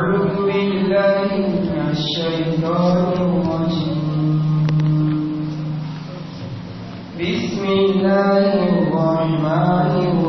بالله الشيطان بسم الله الرحمن الرحيم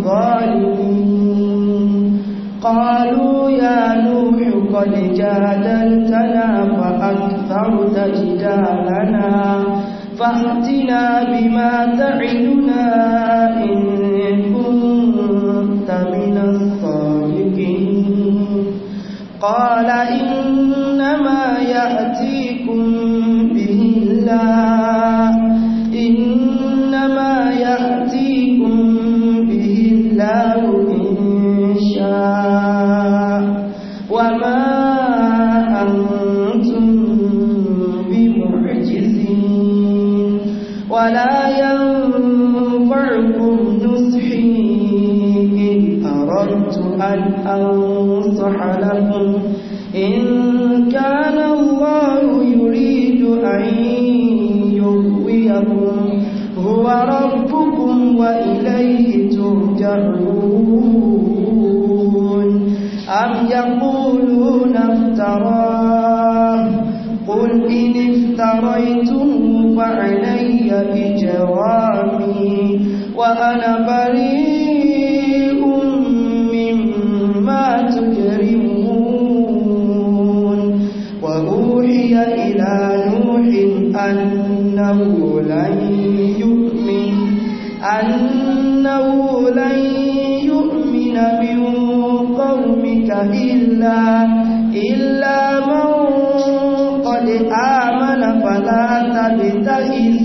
ظالمين قالوا يا نوح قد جادلتنا فأكثرت جدالنا فأتنا بما تعدنا إن كنت من الصادقين قال إن أنصح لكم إن كان الله يريد أن يغويكم هو ربكم وإليه ترجعون أم يقولون افترى قل إن افتريتم فعلي بجوابي وأنا بريء أنه لن يؤمن من قومك إلا إلا من قد آمن فلا تبتئس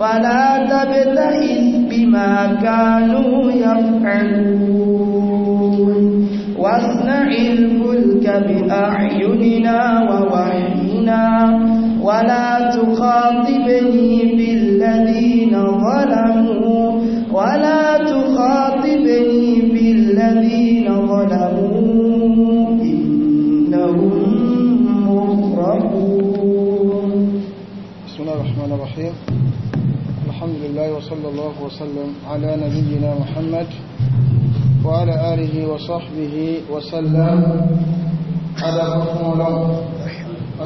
فلا تبتئس بما كانوا يفعلون واصنع الفلك بأعيننا ووحينا ولا تخاطبني في الذين ظلموا ولا تخاطبني في الذين ظلموا إنهم مغرقون بسم الله الرحمن الرحيم الحمد لله وصلى الله وسلم على نبينا محمد وعلى آله وصحبه وسلم على رسول الله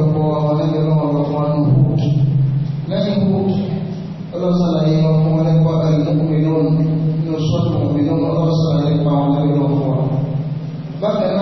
ọ̀pọ̀lọpọ̀ ọlẹ́bí ọlọ́wọ́ lọ fún àánú lẹ́yìn kú ọlọ́sàlàyé ọkùn ọlẹ́pọ̀ ẹ̀lẹ́kùnrin náà ní ọ̀ṣọ́tùkùnrin náà ọlọ́sàlàyé pa ọlẹ́bí ọlọ́wọ́ bákan náà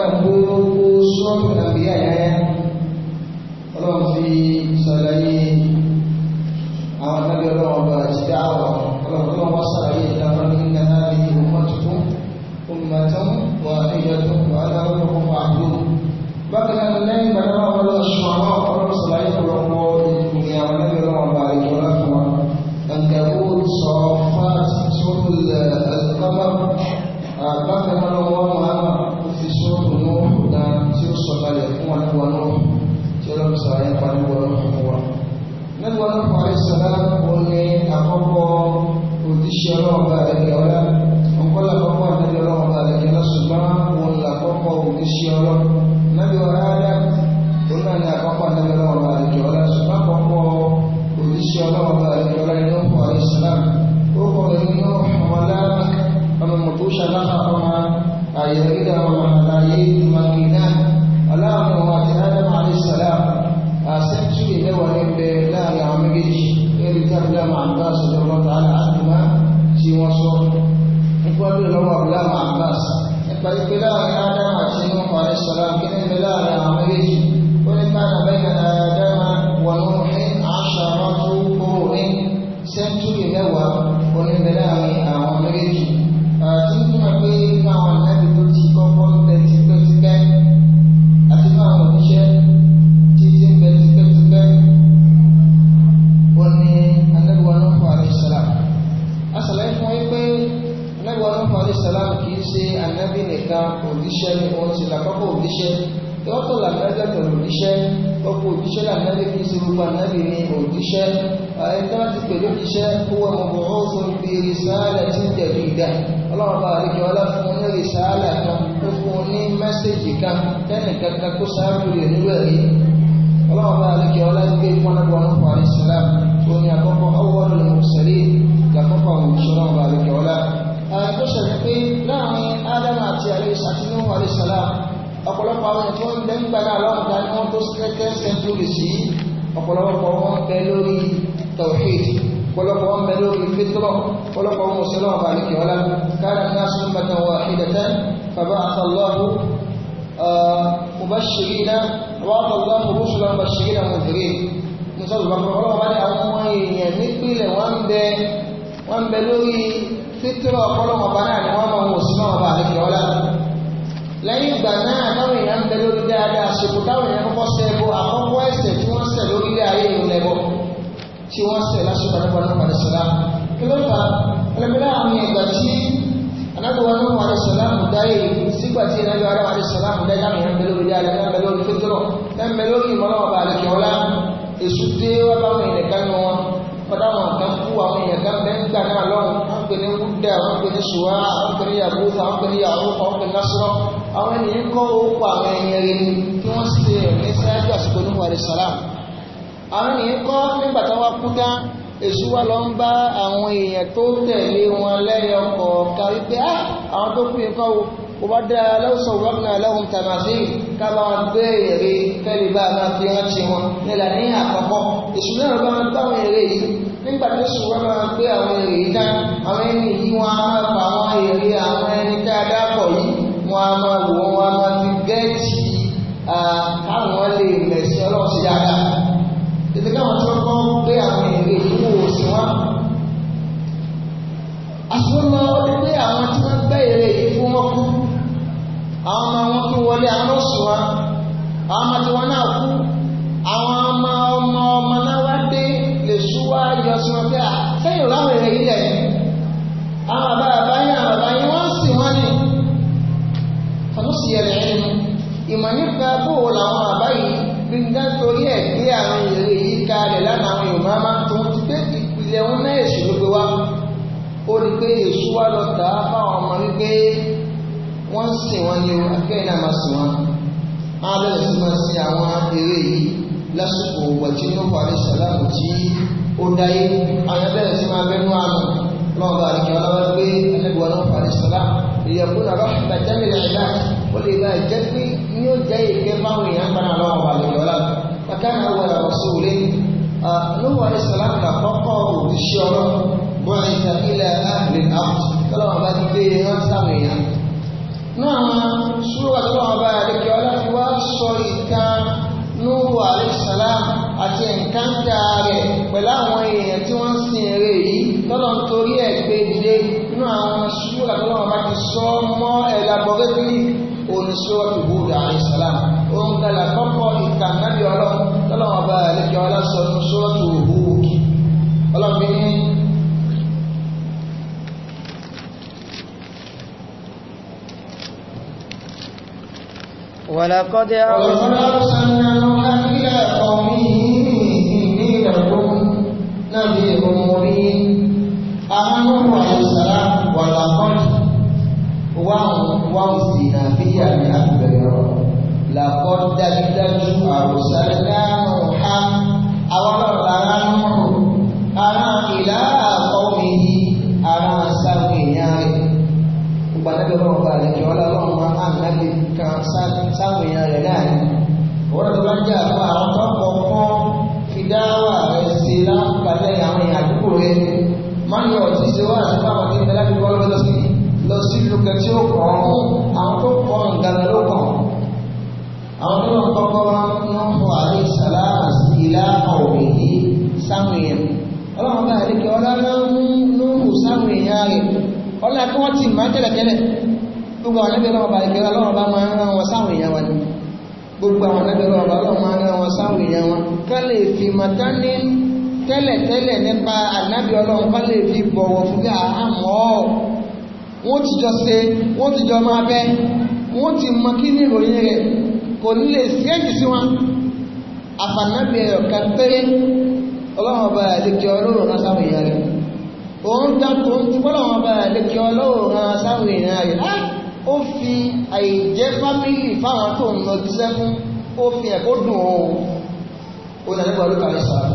ọlọ́run bá àlejò ọlá ọkọ́ làkọ́kọ́ àlejò ọlọ́run bá àlejò ọlá ṣùgbọ́n òun làkọ́kọ́ òun ní ọlọ́run mubashirina wa Allahu rusulan mubashirina munzirin ní sọ́dọ̀ bá kọ́ ọlọ́wọ́ bá ní àwọn ọmọ èèyàn nípìnlẹ̀ wọ́n bẹ wọ́n bẹ lórí fítírọ̀ ọpọlọ́wọ́ bá náà ni wọ́n mọ ohun òsì náà bá àlejò ọlá lẹ́yìn ìgbà náà táwọn èèyàn ń bẹ lórí dáadáa ṣètò táwọn èèyàn kọ́kọ́ sẹ́ bó àkọ́kọ́ ẹ̀sẹ̀ tí wọ́n sẹ̀ lórí ilé ayé ìlú lẹ́bọ̀ tí wọ́n sẹ̀ lásìkò àdúgbò náà pàdé sọ́lá kí ló fà á ẹlẹ́mìíràn àwọn ìgbà tí anábíwá náà wà ní sàlámù dáyé sígbà tí ìnáwó ara wà ní sàlámù dáyé láwọn èèyàn pẹ̀lú ìdí alẹ́ náà pẹ̀lú ìfẹ́tọ́rọ̀ náà pẹ̀lú ìmọ̀lá ọba àlẹ́kẹ̀ ọlá èṣù dé wá báwọn èèyàn kan nù wọn padà wọn kan kú àwọn èèyàn kan bẹ́ẹ̀ gbà náà lọ́wọ́ wọn pè ní wúdà wọn pè ní ṣùwá wọn pè ní yàgòfà wọn pè ní yàrúfà wọn ènìyàn kọ́ orúkọ àwọn èṣù wá lọ ń bá àwọn èèyàn tó tẹ̀lé wọn lẹ́yọ kọ̀ọ̀kan wípé á ah, àwọn tó kún ikọ́ wo bá dára lọ́sọ̀ rọ́pìnà lọ́hùn tàmásí kábà wọn béèrè kẹ́lẹ̀ bá máa fi rántí wọn nílà ní àkọ́kọ́ èṣù náà bá wọn bá wọn èrè yìí nígbà tó sùn wọn máa gbé àwọn èrè yìí dá àwọn ẹni yìí wọn á máa pa àwọn èrè àwọn ẹni tá a dápọ̀ yìí wọn á máa wò wọn á máa fi gẹ́ẹ̀tì káwọn lè mẹ̀sẹ̀ ọlọ́sí àṣìwọ́nà ọdún pé àwọn tí wọ́n gbẹ́ èrè yìí fún wọn kú àwọn ọmọ wọn tó wọlé àwọn ọ̀ṣùwà àwọn ọmọ tí wọ́n náà kú àwọn ọmọ ọmọ ọmọ náà wá dé lè ṣúwá yọ sí wọn pé à sẹ́yìn láwọn èrè yìí lẹ̀ àwọn bàbá bàbá yín àwọn bàbá yín wọ́n sì wọ́n ní fọ́tọ́sì ẹ̀rẹ̀ ẹ̀nu ìmọ̀ nípa bóò làwọn bàbá yìí bí torí ẹ̀ gbé àwọn èrè yìí kalẹ̀ lánàá àwọn ó rí pé èṣù wá lọ tà á fáwọn ọmọ wípé wọ́n ń sìn wọn ni akẹ́yìn náà máa sìn wọn á bẹ̀rẹ̀ sí máa sin àwọn eré yìí lásìkò wọ̀jú ní ọ̀pàdé sàlámù tí ó dáyé àwọn bẹ̀rẹ̀ sí máa bẹnu àmọ̀ náà bá rí kí wọ́n lọ́wọ́ pé ẹlẹ́gbẹ̀ẹ́ náà pàdé sàlámù ìyẹ̀kú náà lọ́wọ́ ìbàjẹ́ mi rẹ̀ ó lè bá ìjẹ́ pé ní ó jẹ́ ìgbẹ́ fáwọn èèyàn gbára lọ́wọ́ بعث إلى أهل الأرض فلما بعد بيها سميا نعم سورة الله بارك ولا في وصيتا نور عليه السلام àti ẹ̀ǹkáńtà rẹ̀ pẹ̀lú àwọn èèyàn tí wọ́n sin eré yìí tọ́lọ̀ ń torí ẹ̀ gbé dìde nínú àwọn ṣúra tó lọ́wọ́ bá ti sọ mọ́ ẹ̀dà bọ́gẹ́bí oníṣòwò ìbúdà àìsàlám òun gbàlà kọ́kọ́ ìtànàbí ọlọ́run tọ́lọ́wọ́ bá ẹ̀lẹ́kẹ́ ọlọ́sọ̀rọ̀ ṣọ́ọ̀tù òhùwù ọlọ́run bí ní ولقد أرسلنا نوحا إلى قومه إني لكم نذير مبين أمر عليه السلام ولقد wọ́n sì nà bí àmì àgbẹ̀rọ làkọ́ dájúdájú àrùsáré náà ha àwọn ọ̀rọ̀ ara ń rò ara ìlà àkọ́wé yìí ara sáwọn èèyàn rẹ̀ gbàdájọ́ náà bá rẹ̀ jọ ọlọ́run máa ń náà lè kan sáà sáwọn èèyàn rẹ̀ náà ni wọ́n tó bá jẹ́ àpá àwọn tó kọ̀ọ̀kan fi dáwà rẹ̀ sí láǹkalẹ̀ àwọn èèyàn àdúgbò rẹ̀ mọ́nì ọ̀tí ṣe wá àti fáwọn ní ìpínlẹ̀ fi wọ́n lọ sí lọ sí lùkẹ́ tí ó kọ̀ ọ́n àwọn tó kọ̀ nǹkan ló kọ̀ àwọn tó lọ kọ́kọ́ wọn fọ àlè sàlámà sí ilá yìí sáwọn èèyàn ọlọ́run bá gbogbo àwọn ẹlẹ́bẹ̀ẹ́ lọ́wọ́ bá ìgbẹ́ ọlọ́run bá máa ń rán wọn sáwọn èèyàn wa ni gbogbo àwọn ẹlẹ́bẹ̀ẹ́ lọ́wọ́ bá ọlọ́run máa ń rán wọn sáwọn èèyàn wa ká lè fi màtá ní tẹ́lẹ̀tẹ́lẹ̀ nípa ànábì ọlọ́run ká lè fi bọ̀wọ̀ fún bí àmọ́ wọ́n ti jọ ṣe wọ́n ti jọ máa bẹ́ wọ́n ti mọ kí ní ìròyìn rẹ̀ kò ní lè ṣẹ́ẹ̀kì sí wọn àfànábì ẹ̀rọ péré ọlọ́run ọba àlejò ọlọ́run rán sáwọn èèyàn rẹ̀ òun dákò ń ti bọ́lọ́run ọba àlejò ọlọ́run rán sáwọn èèyàn rẹ̀ ó fi àìjẹ́ fámílì fáwọn tó ń lọ jíṣẹ́ fún ó fi ẹ̀kọ́ dùn ó ó nà nígbà olúkà ní sàrà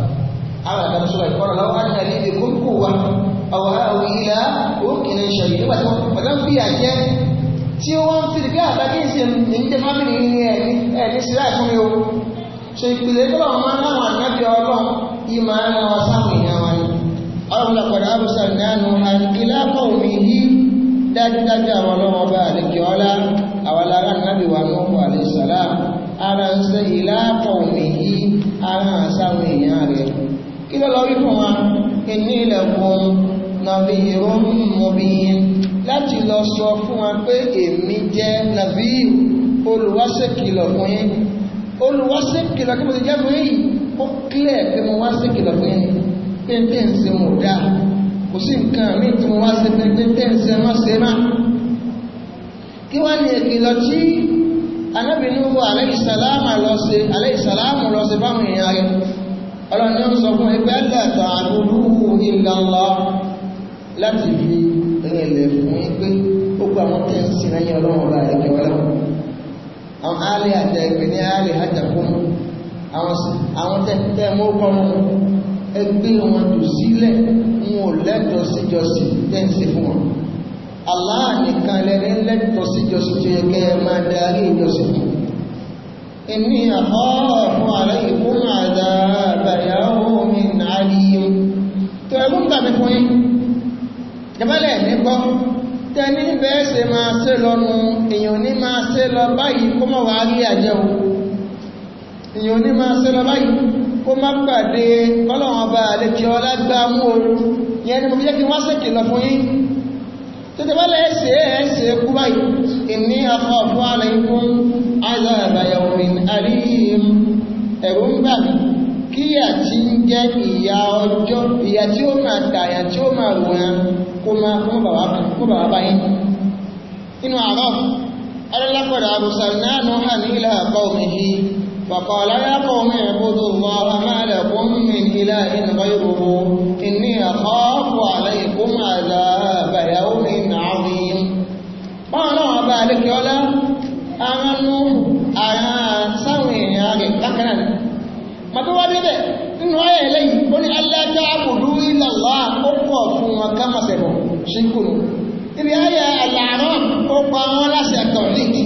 àwọn àgbàdo sọ̀rọ̀ ìkọ́rọ̀ lọ́wọ́ á nà ní ibi kúrúkú wa àwọn àwọn ilà òkè ní ìṣẹ̀lẹ̀ nígbà tí wọ́n pẹ̀lú bí àjẹ́ tí wọ́n ti rí bí àbákíyèsí ní jẹ́ fámílì ní ẹ̀ní sílá ìfún mi o ṣe ìpìlẹ̀ tó bá wọn máa ń láwọn ànábì ọlọ́run yìí máa ń wọn sáwọn ìyá wọn ni ọlọ́run lọ́pọ̀ dájúdájú àwọn ọlọ́wọ́ bá àlejò ọlá àwọn ará nábì wà lọ́wọ́ àlejòlá ara ń ṣe ìlàpọ̀ òmìnirí ara àṣàwọn èèyàn rẹ̀ kí ló lọ rí fún wa inú ilẹ̀kùn nàbí ìrún mọ̀bìyìn láti lọ sọ fún wa pé èmi jẹ́ nàbí olùwáṣẹ́kìlọ̀ fún yín olùwáṣẹ́kìlọ̀ kí mo ti jẹ́ fún yín ó kílẹ̀ pé mo wáṣẹ́kìlọ̀ fún yín pé ń tẹ̀ ń se dáa kò sí nǹkan mí tí mo wá ṣe pẹ́pẹ́ tẹ́ǹsẹ̀ má se má kí wá ní ìkìlọ̀ tí anábìnúwò aláìsàlámù lọ ṣe aláìsàlámù lọ ṣe báwọn èèyàn rẹ̀ ọlọ́ni ó sọ fún ẹgbẹ́ àgbàtà àdúgbò ìlànà láti fi rìnlẹ̀ fún ẹgbẹ́ gbogbo àwọn tẹ́ǹsì náà yẹn ọlọ́run ọba ẹ̀kẹ́ ọlọ́run àwọn alẹ́ àtẹ̀gbẹ́ ní alẹ́ àjàkùn àwọn tẹ́ẹ̀mú kọ́mú ẹgbẹ́ wọn jù sílẹ̀ wọn ò lẹ́tọ̀ọ́ síjọsìn tẹ́ǹsì fún wọn Allah nìkan lẹ́ni lẹ́tọ̀ọ́ síjọsìn tó yẹ kẹ́ ẹ máa darí ìjọsìn fún inni akhafu alaykum adhaba yawmin alim tó ẹgbùn gbàmí fún yín jẹ́mọ́lẹ̀ ní gbọ́ tẹni bẹ́ẹ̀ ṣe máa ṣe lọ́nu èyàn ní máa ṣe lọ báyìí kó mọ̀ wá rí àjẹun èyàn ní máa ṣe lọ báyìí kó má pàdé kọ́lọ̀wọ̀n bá àlejò ọlágbà mú oru yẹn ni mo fi jẹ́ kí wọ́n sẹ́kì lọ fún yín tètè wọ́n lẹ́ ẹ̀ṣẹ̀ ẹ̀ṣẹ̀ kú báyìí ìní afọ́ fún aláìkún azàbàyàwòrìn àríyìn ẹ̀rù ń bà mí inú àárọ̀ alẹ́lápọ̀dà àbùsàlẹ̀ náà nù hàn ní ilẹ̀ àkọ́ òmìnir فقال يا قوم اعبدوا الله ما لكم من إله غيره إني أخاف عليكم عذاب يوم عظيم قال وبالك يولا آمنوا آيان سوين ياغي لكنا ما توادي بي إنه آية إليه قل ألا تعبدوا إلا الله أقوى وكما سيبوا شكرا ibi ayé àlàárọ̀ ó pa wọn láti àtọ̀rí tí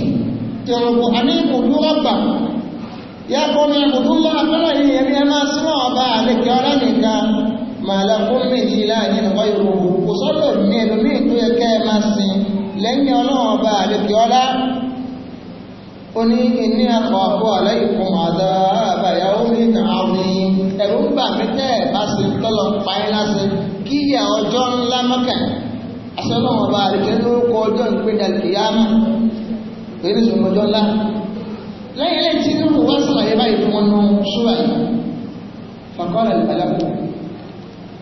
ya qawmi ibudullah àpẹẹrẹ yìí ẹni ẹ máa súnmọ́ ọba àlekẹ́ ọlá nìkan màálà fún mi yìí láàyè nìkan ìrò kò sọ́dọ̀ ní ẹlòmíì tó yẹ kẹ́ ẹ máa sìn lẹ́yìn ọlọ́run ọba àlekẹ́ ọlá ó ní ìní àpapọ̀ aláìkún àdáàbà ìyàwó mi kàn án ní ẹ̀rù ń bà lẹ́yìn lẹ́yìn tí nínú wá sàlàyé báyìí fún wọn nù ṣúra yìí fàkọ́lá ìbálàbù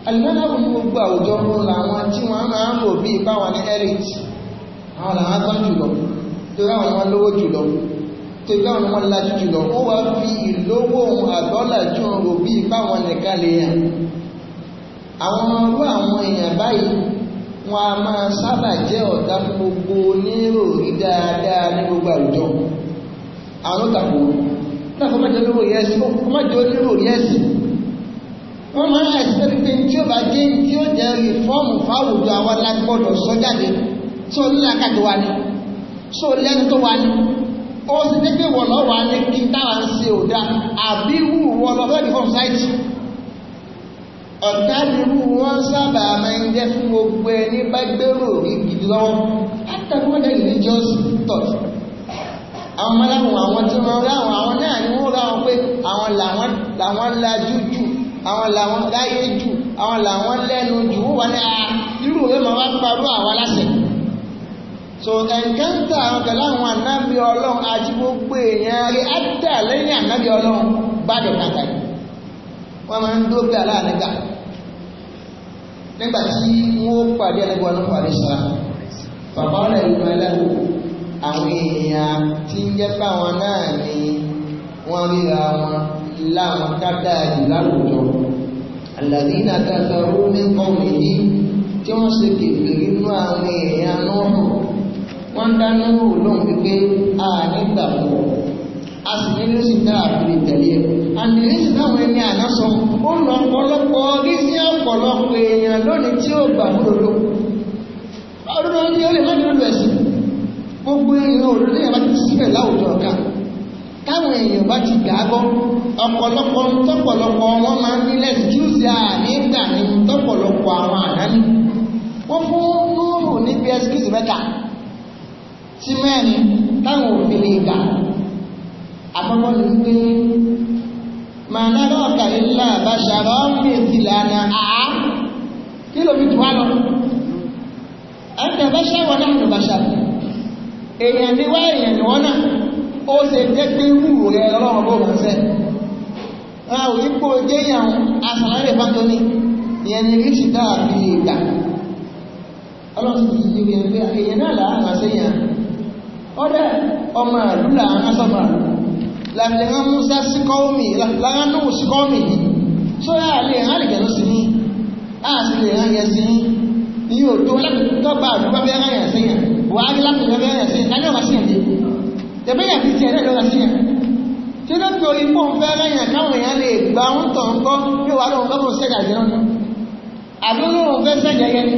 alìbálàbù ní gbogbo àwùjọ wọn làwọn tí wọ́n máa ń rò bí ipá wọn ní erich àwọn làwọn tán jùlọ tó bá wọn lówó jùlọ tó bá wọn wọn lajú jùlọ ó wá fi ìlówó ohun àdọ́là jù ń rò bí ipá wọn nìkan lè yàn àwọn ọmọ àwọn èèyàn báyìí wọn a máa sábà jẹ́ ọ̀dà gbogbo oníròrí dáadáa ní gbogbo àwùjọ wọn àwọn tàkó náà kọ́ mẹ́jọ lórí ẹ̀sìn kọ́ mẹ́jọ lórí ẹ̀sìn wọ́n máa ń ẹ̀sìn pé tí ó bá jẹ́ tí ó jẹ́ rìfọ́ọ̀mù fáwùjọ àwọn alágbọ́dọ̀ sọ jáde tí ó nílá kàtó wa ni so lẹ́nu tó wa ni ó sì dé pé wọ́n lọ́ wa ní kí táwa ń ṣe òdà àbí wù wọ́n lọ fẹ́ rìfọ́ọ̀mù sáìtì ọ̀tá nínú wọn sábà máa ń jẹ́ fún gbogbo ẹni bá gbèrò rí gidi lọ́wọ́ àwọn mọ́láwọn àwọn tí wọ́n ráwọn àwọn náà ni wọ́n ráwọn pé àwọn làwọn lajú jù àwọn làwọn láyé jù àwọn làwọn lẹ́nu jù wọ́n wà ní a ah, irú rẹ̀ máa wá parú àwọn aláṣẹ so ẹ̀ǹkẹ́ńtà àwọn pẹ̀lú àwọn ànábì ọlọ́run àti gbogbo èèyàn rí ádà lẹ́yìn ànábì ọlọ́run bá dẹ̀ kàkàyè wọ́n máa ń dóbi aláàlẹ́gà nígbà tí wọ́n pàdé ẹlẹ́gbọ́n àwọn èèyàn tí ń jẹ́ fáwọn náà ni wọ́n ríra wọn láwọn kádàájú láwùjọ àlàdínà kàkàrú ní ọ̀rìn yìí tí wọ́n ṣe kèfè nínú àwọn èèyàn náà wọ́n dáná wò lóhùn wípé a nígbà pọ̀ a sì ní lóṣù náà àfihàn ìtẹ̀lé àmì lóṣù táwọn ẹni àná sọ ó lọ ọ̀pọ̀lọpọ̀ rí sí ọ̀pọ̀lọpọ̀ èèyàn lónìí tí ó gbà fún ọdún ọdún yóò lè má dúró lọ ẹ̀sìn gbogbo èèyàn òrùlé yàrá ti síbẹ̀ láwùjọ ọ̀gá táwọn èèyàn bá ti dàgbọ́ ọ̀pọ̀lọpọ̀ tọ́pọ̀lọpọ̀ wọn máa ń ní lẹ́sìkúùsì àníńdà ní tọ́pọ̀lọpọ̀ àwọn ànáni wọ́n fún lóòrò níbi ẹsìkúùsì mẹ́ta sí mẹ́rin táwọn òfin lè gbà àkọ́kọ́ ni pé màá nára ọ̀kà ilé àbáṣàrọ̀ mẹ́tìlánà àá kí lóbi tó wá lọ ẹ̀kẹ́ bá ṣàwọn náà ló bá ṣàbọ̀ èèyàn ni wá èèyàn ni wọ́n náà ó ṣe jẹ́ pé wù rẹ̀ lọ́wọ́ bó bá ṣẹ́ ra òyípo jẹ́yàn asàlárẹ̀ bá tó ní ìyẹn ni rí ṣìdá àbí ìgbà ọlọ́sìn ti di ìyẹn pé èèyàn náà làá sẹ́yìn ọdẹ ọmọ àdúrà asọ́mà láti rán musa sí kọ́ọ̀mì lára náà sí kọ́ọ̀mì tó yà á lè rán ìgbẹ̀rún sí ní àà sì lè rán yẹn sí ní ìyóò tó láti tọ́gbà àdúgbà buhari lápẹ̀lẹ́ bẹ́ẹ̀ ẹ̀sìn ìdáni ọ̀gá sí ẹ̀dẹ́ tẹ̀bẹ́ yẹn ti tiẹ̀ lọ́gá sí ẹ̀ tí ó lọ́pẹ̀ orí pọ̀ ń fẹ́ lẹ́yìn àkáwọn èèyàn lè gba ń tọ̀ ń kọ́ bí wàá lóun kọ́ fún sẹ́jà jẹ́ ọ̀nà àdúró òun fẹ́ sẹ́jà yẹn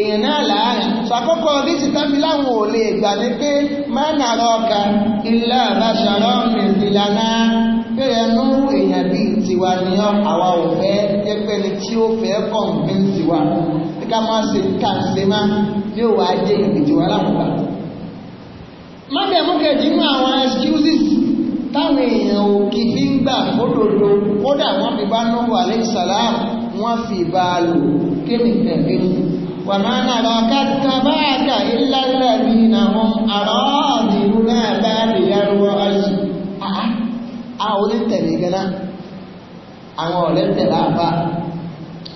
èèyàn náà làárẹ̀ ṣàkókò bí ti tábí láwọn ò lè gbà ní pé máa nà rọ ọkà ilé àbáṣàrọ ìrìnlànà bẹ́ẹ̀ nú èèyàn bíi tiwa ni àwa ò fẹ́ jẹ́ pẹ́ni tí ká máa ṣe ká ń ṣe má ní ò wá jẹ́ ìpìtì wà láwùgbà mábẹ̀mú kẹjì mú àwọn excuses táwọn èèyàn ò kì fi ń gbà fódòdó kódà wọ́n fi bá Nuhu alayhi salam wọ́n fi bá a lò kémi pẹ̀lú wà máa nàrà káàkà bá àkà ìlàlẹ̀ ní àwọn àrọ́ ọ̀dìrú náà bá lè yàrá ọ̀sì àwọn onítẹ̀lẹ̀ gẹ́nà àwọn ọ̀lẹ́tẹ̀lẹ̀ àbá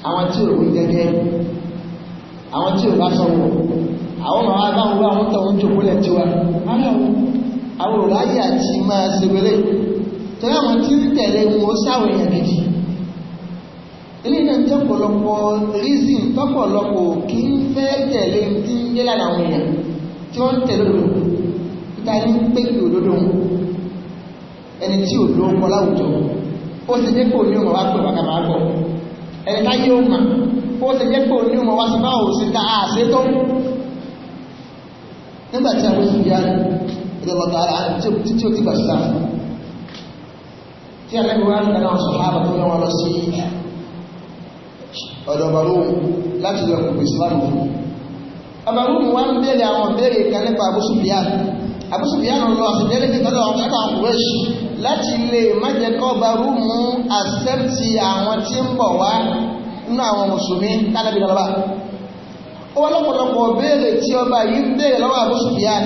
àwọn tí òun gẹ́gẹ́ àwọn tí ò bá sọ wọ̀ àwọn màmá báwọn wọ àwọn tọ̀hún jòkólẹ̀ tiwa àwọn òráyè àti máa ṣe wẹlé tọ́lá àwọn tí ń tẹ̀lé wọn ó sáwọn èèyàn gidi ilé náà jẹ́ ọ̀pọ̀lọpọ̀ reason tọ́pọ̀lọpọ̀ kì í fẹ́ tẹ̀lé tí ń yé lára àwọn èèyàn tí wọ́n ń tẹ̀lé òdodo níta ní pé kí òdodo wọn ẹni tí òdodo ń kọ láwùjọ ó ti dé kò ní ọmọ wa pé bàkà máa ẹni táyé ó mà bó ṣe jẹ́ pé òní ọmọ wá sí máa òsì ká àṣẹ tó nígbà tí àwọn ìsìnkú yára ìdọ̀lọ́dọ̀ ara tí ó ti gbà síta tí a lẹ́gbẹ̀ẹ́ wá ń dáná sọ̀hábà tó yẹn lọ sí ọ̀dọ̀ láti lọ kùkù Islam fún Barun wá ń bèèrè àwọn béèrè kan nípa Abu Sufyan Abu Sufyan lọ àṣẹjẹ́lẹ́ ti tọ́lọ̀ àwọn kẹta kùrẹ́ṣì láti lè má jẹ́ kọ́ Barun mú àṣẹ́mtì nínú àwọn mùsùlùmí lánàbí lọ́wọ́ ó wọ́n lọ́pọ̀lọpọ̀ béèrè tí ọba yìí béèrè lọ́wọ́ Abu Sufyan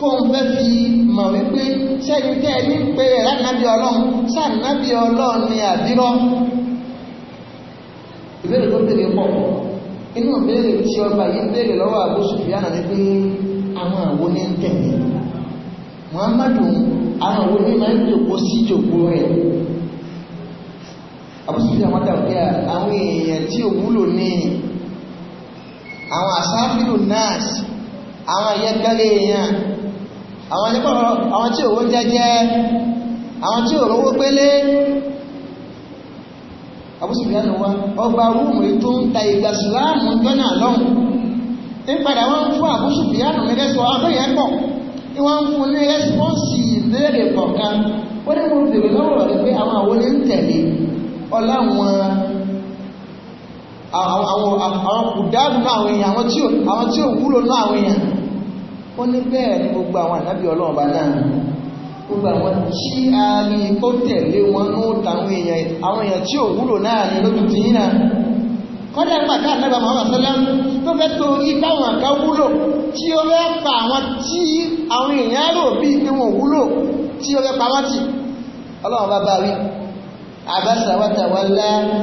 kó ń fẹ́ fi mọ̀ wípé sẹ́yìn tẹ́ ní pé ẹ̀ránàbí ọlọ́run sànàbí ọlọ́run ni àbírọ́ ìbéèrè tó béèrè pọ̀ inú béèrè tí ọba yìí béèrè lọ́wọ́ Abu Sufyan ni pé àwọn àwo ní ń tẹ̀lé Muhammadu àwọn àwo ní máa ń jòkó sí jòkó rẹ̀ àbúsùfíà wọ́n dà pé àwọn èèyàn tí ò wúlò ní àwọn àsáfílù náàsì àwọn ayẹ́gbẹ́rẹ́ èèyàn àwọn nípọ̀rọ̀ àwọn tí òwò jẹ́jẹ́ àwọn tí ò rówó pélé àbúsùfíà ló wá ọgbà rúùmù tó ń ta ìgbà sùláàmù jọ́nà lọ́hùn ń padà wọ́n fún àbúsùfíà nù mẹ́rẹ́sọ̀ abẹ́yẹn pọ̀ ni wọ́n ń fún ní rẹ́sipọ́ǹsì ìbéèrè kọ̀ọ̀kan ó ní mo bèrè lọ́wọ́ rẹ̀ pé àwọn àwọn olè ń tẹ̀lé ọláwọn àwọn kùdánù náà àwọn èèyàn àwọn tí ò wúlò náà àwọn èèyàn ó ní bẹ́ẹ̀ ni gbogbo àwọn ànábì ọlọ́run bá náà gbogbo àwọn tí a rí kó tẹ̀lé wọn ní òtàwọn èèyàn àwọn èèyàn tí ò wúlò náà ní lójú ti yín náà kọ́dẹ̀ ń pàtà ànábì Muhammad sallam tó fẹ́ torí báwọn àká wúlò tí ó fẹ́ pa àwọn tí àwọn èèyàn rò bíi pé wọn wúlò tí ó fẹ́ pa wọ́n tì ọlọ́run bá bá rí عبس وتولى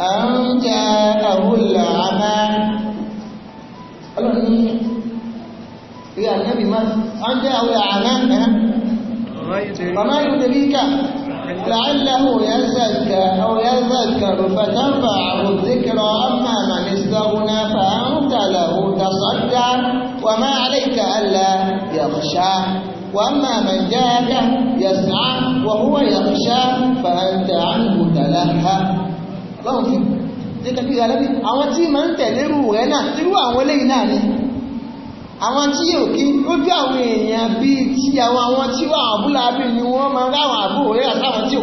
أن جاءه الأعمى قالوا يا إيه؟ إيه النبي ما أن جاءه الأعمى فما يدريك لعله يزكى أو يذكر فتنفعه الذكرى أما من استغنى فأنت له تصدى وما عليك ألا يخشى وأما من جاءك يسعى وهو يخشى فأنت عنه تلهى lọ́run fi jẹ́kẹ́ kí ìrẹ́lẹ́bí àwọn tí ma ń tẹ̀lé rú rẹ̀ náà tí rú àwọn eléyìí náà ni àwọn tí yóò kí lójú àwọn èèyàn bí tí àwọn tí wà àbúlà bí ni wọ́n ma ráwọn àbú rẹ̀ àtàwọn tí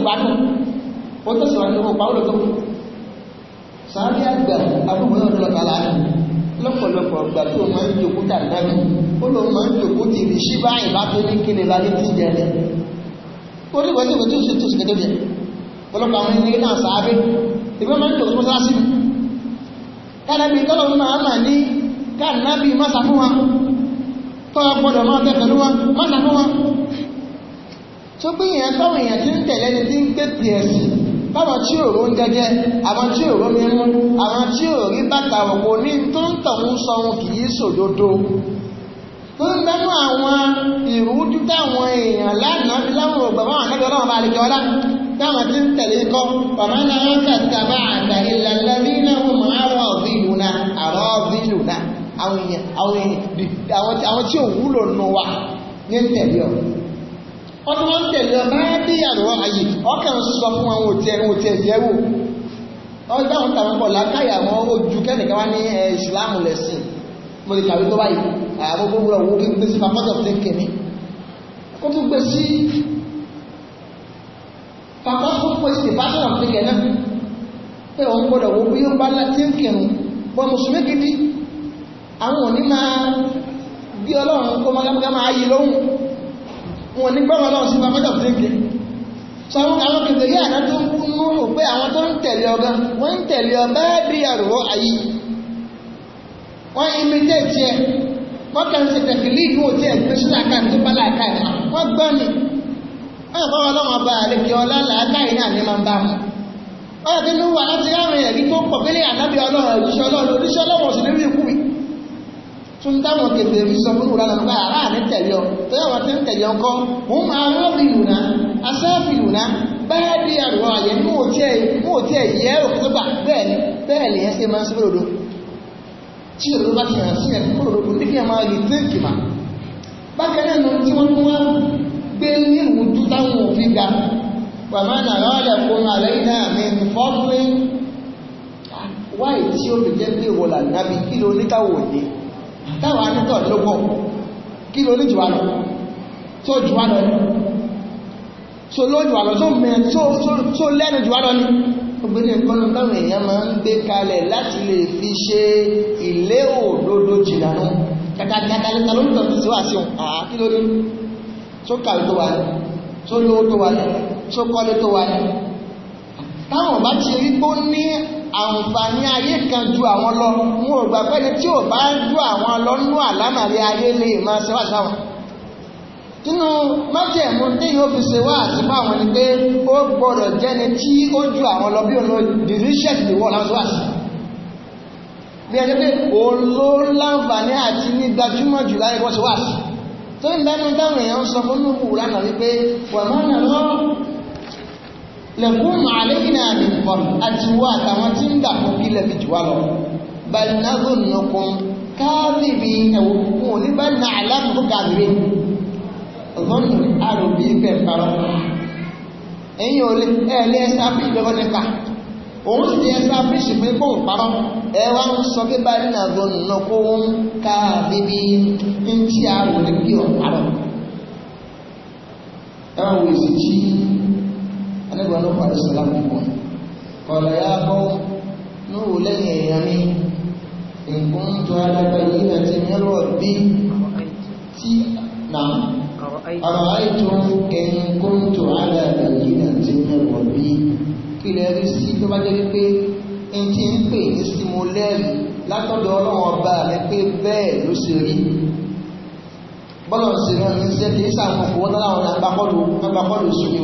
ò lọ́pọ̀lọpọ̀ ọgbà tó máa ń jòkó tàbí ó lọ máa ń jòkó ti rí sí báyìí bá tó ní kíni lálé tí jẹ rẹ orí ìwọ́n tí ìwọ́n tí ó ṣe tó ṣe tó jẹ ọlọ́pàá àwọn ènìyàn náà sáábé ìwọ́n máa ń jòkó tó sáà sí mi kánábì tọ́lọ́ máa mà ní kánábì má sà fún wa tọ́lọ́ gbọ́dọ̀ máa tẹ́ pẹ̀lú wa má sà fún wa tó pé èèyàn tọ́wọ̀ èèyàn ti ń tẹ̀lé ni ti ń gbé pẹ̀ẹ́sì báwọn tí ò ró ń jẹjẹ àwọn tí ò ró mi mú àwọn tí ò rí bàtà òkò ní tó ń tọ̀hún sọ wọn kì í sòdodo tó ń bẹ́nu àwọn ìrújú táwọn èèyàn lánàá fi láwọn ògbà wọn àmọ́jọ náà bá lè jọlá táwọn tí ń tẹ̀lé kọ́ ọ̀mọ́nà wọn kàtà bá àgbà ìlàlẹ́bí náà wọn mọ̀ àrọ́ ọ̀dí ìlú náà àrọ́ wọ́n tún wọ́n tẹ̀lé bá dé àrọ̀ ayé ọkàn sọ fún wọn ò tẹ̀ ò tẹ̀ jẹ́ wò wọ́n gbá wọn tàbí pọ̀ lákàyà wọn ojú kẹ́nìkan wá ní ìsìláàmù lẹ́sìn mo lè kàwé tó báyìí àwọn gbogbo ọ̀wọ́ kí n gbé sí faculty of thinking ni ó tún gbé sí faculty of thinking department of thinking náà pé òun gbọ́dọ̀ wo bí ó bá láti ń kírun bọ́ mùsùlùmí gidi àwọn òní máa bí ọlọ́run kó máa gámagá máa lóhùn wọn ní lọ́wọ́ sí àwọn àná tó ń kú pé àwọn tó ń tẹ̀lé ọgá wọ́n ń tẹ̀lé ọgá bí àrùwọ́ ayé wọ́n tiẹ̀ wọ́n kàn ìlú òtí ẹ̀ wọ́n gbọ́ ni wọ́n kọ́ wọn lọ́wọ́ bá àlejò ọlá làákà yìí náà ní máa ń bá mu wọ́n yà kí ní wà láti tún táwọn kèfèé rí sọ fún ìwúrálà nípa àrá àní tẹ̀lé ọ tó yà wọ́n ti ń tẹ̀lé ọkọ́ wọ́n máa rọ́ọ̀bì ìrùnà asáàfì ìrùnà báyà bí àrùwá àyẹ̀ mú òtí ẹ̀ yẹ òkútọ́gbà bẹ́ẹ̀ ni bẹ́ẹ̀ lè ẹ́ sí máa ń sí lòdò tí òdòdó bá ti hàn sí ẹ̀ kúrò lòdò ní kí ẹ máa yìí tẹ́ǹkì mà bákan náà nù tí wọ́n wá gbé nínú tó táwọn òfin ga pàmò àná rọ́ọ̀dà fún alẹ́ náà mi fọ́fún táwọn anítọ̀ ló pọ̀ kí ló ní jùwà lọ tó jùwà lọ ní so ló jùwà lọ tó mẹ tó lẹ́nu jùwà lọ ní obìnrin nǹkan náà táwọn èèyàn máa ń gbé kalẹ̀ láti lè fi ṣe ilé òdodo jìnnà náà kàkàkàkà níta ló ń tọ́ sí wá sí òun àá kí ló ní tó kàwé tó wà ní tó lówó tó wà ní tó kọ́lé tó wà ní táwọn bá ti rí pó ní àǹfààní ayé kan ju àwọn lọ wọn ò gbà pẹ́ni tí ò bá ju àwọn lọ nú àlámàrí ayé lè máa ṣe wá sáwọn nínú májẹ̀mú téyìn ó fi ṣe wá àti bá àwọn ni pé ó gbọ́dọ̀ jẹ́ni tí ó ju àwọn lọ bí òun lọ delicious the world house wá sí bí ẹni pé òun ló láǹfààní àti ní gbajúmọ̀ jù láyé wọ́n ṣe wá sí tó ń dánú dáhùn èèyàn sọ fún nùkù ránà wípé wàmánà lẹ́kún àlẹ́yìnà àbìbọn àti wà àtàwọn tí ń dàkún kí lẹ́fi jù wá lọ balinazunnukun káàbìbì ẹ̀wọ̀ fún oníbà náà aláàkùnkùn kàbìrì zọ́nù àròbí pẹ̀pàrọ̀ ẹ̀yìn olè ẹ̀lẹ́ ẹ̀sàbí lọ́wọ́ nípa àníbọ̀ ọlọ́pàá àti sàlámù wọn kọ̀ọ̀lọ̀ yá kọ́ lóòwò lẹ́yìn èèyàn ní nǹkan tó alágbà yìí àti mẹ́rọ̀ bí tí nà ọ̀rọ̀ àìtò nǹkan tó alágbà yìí àti mẹ́rọ̀ bí kí lè rí sí tó bá jẹ́ wípé n ti ń pè ní simolẹ́ẹ̀lì látọ̀dọ̀ ọlọ́wọ́n ọba ní pé bẹ́ẹ̀ ló ṣe rí bọ́lọ̀ sí rán ní sẹ́kì ní sàkókò wọ́n láwọn àgbàkọ́lù sùn ní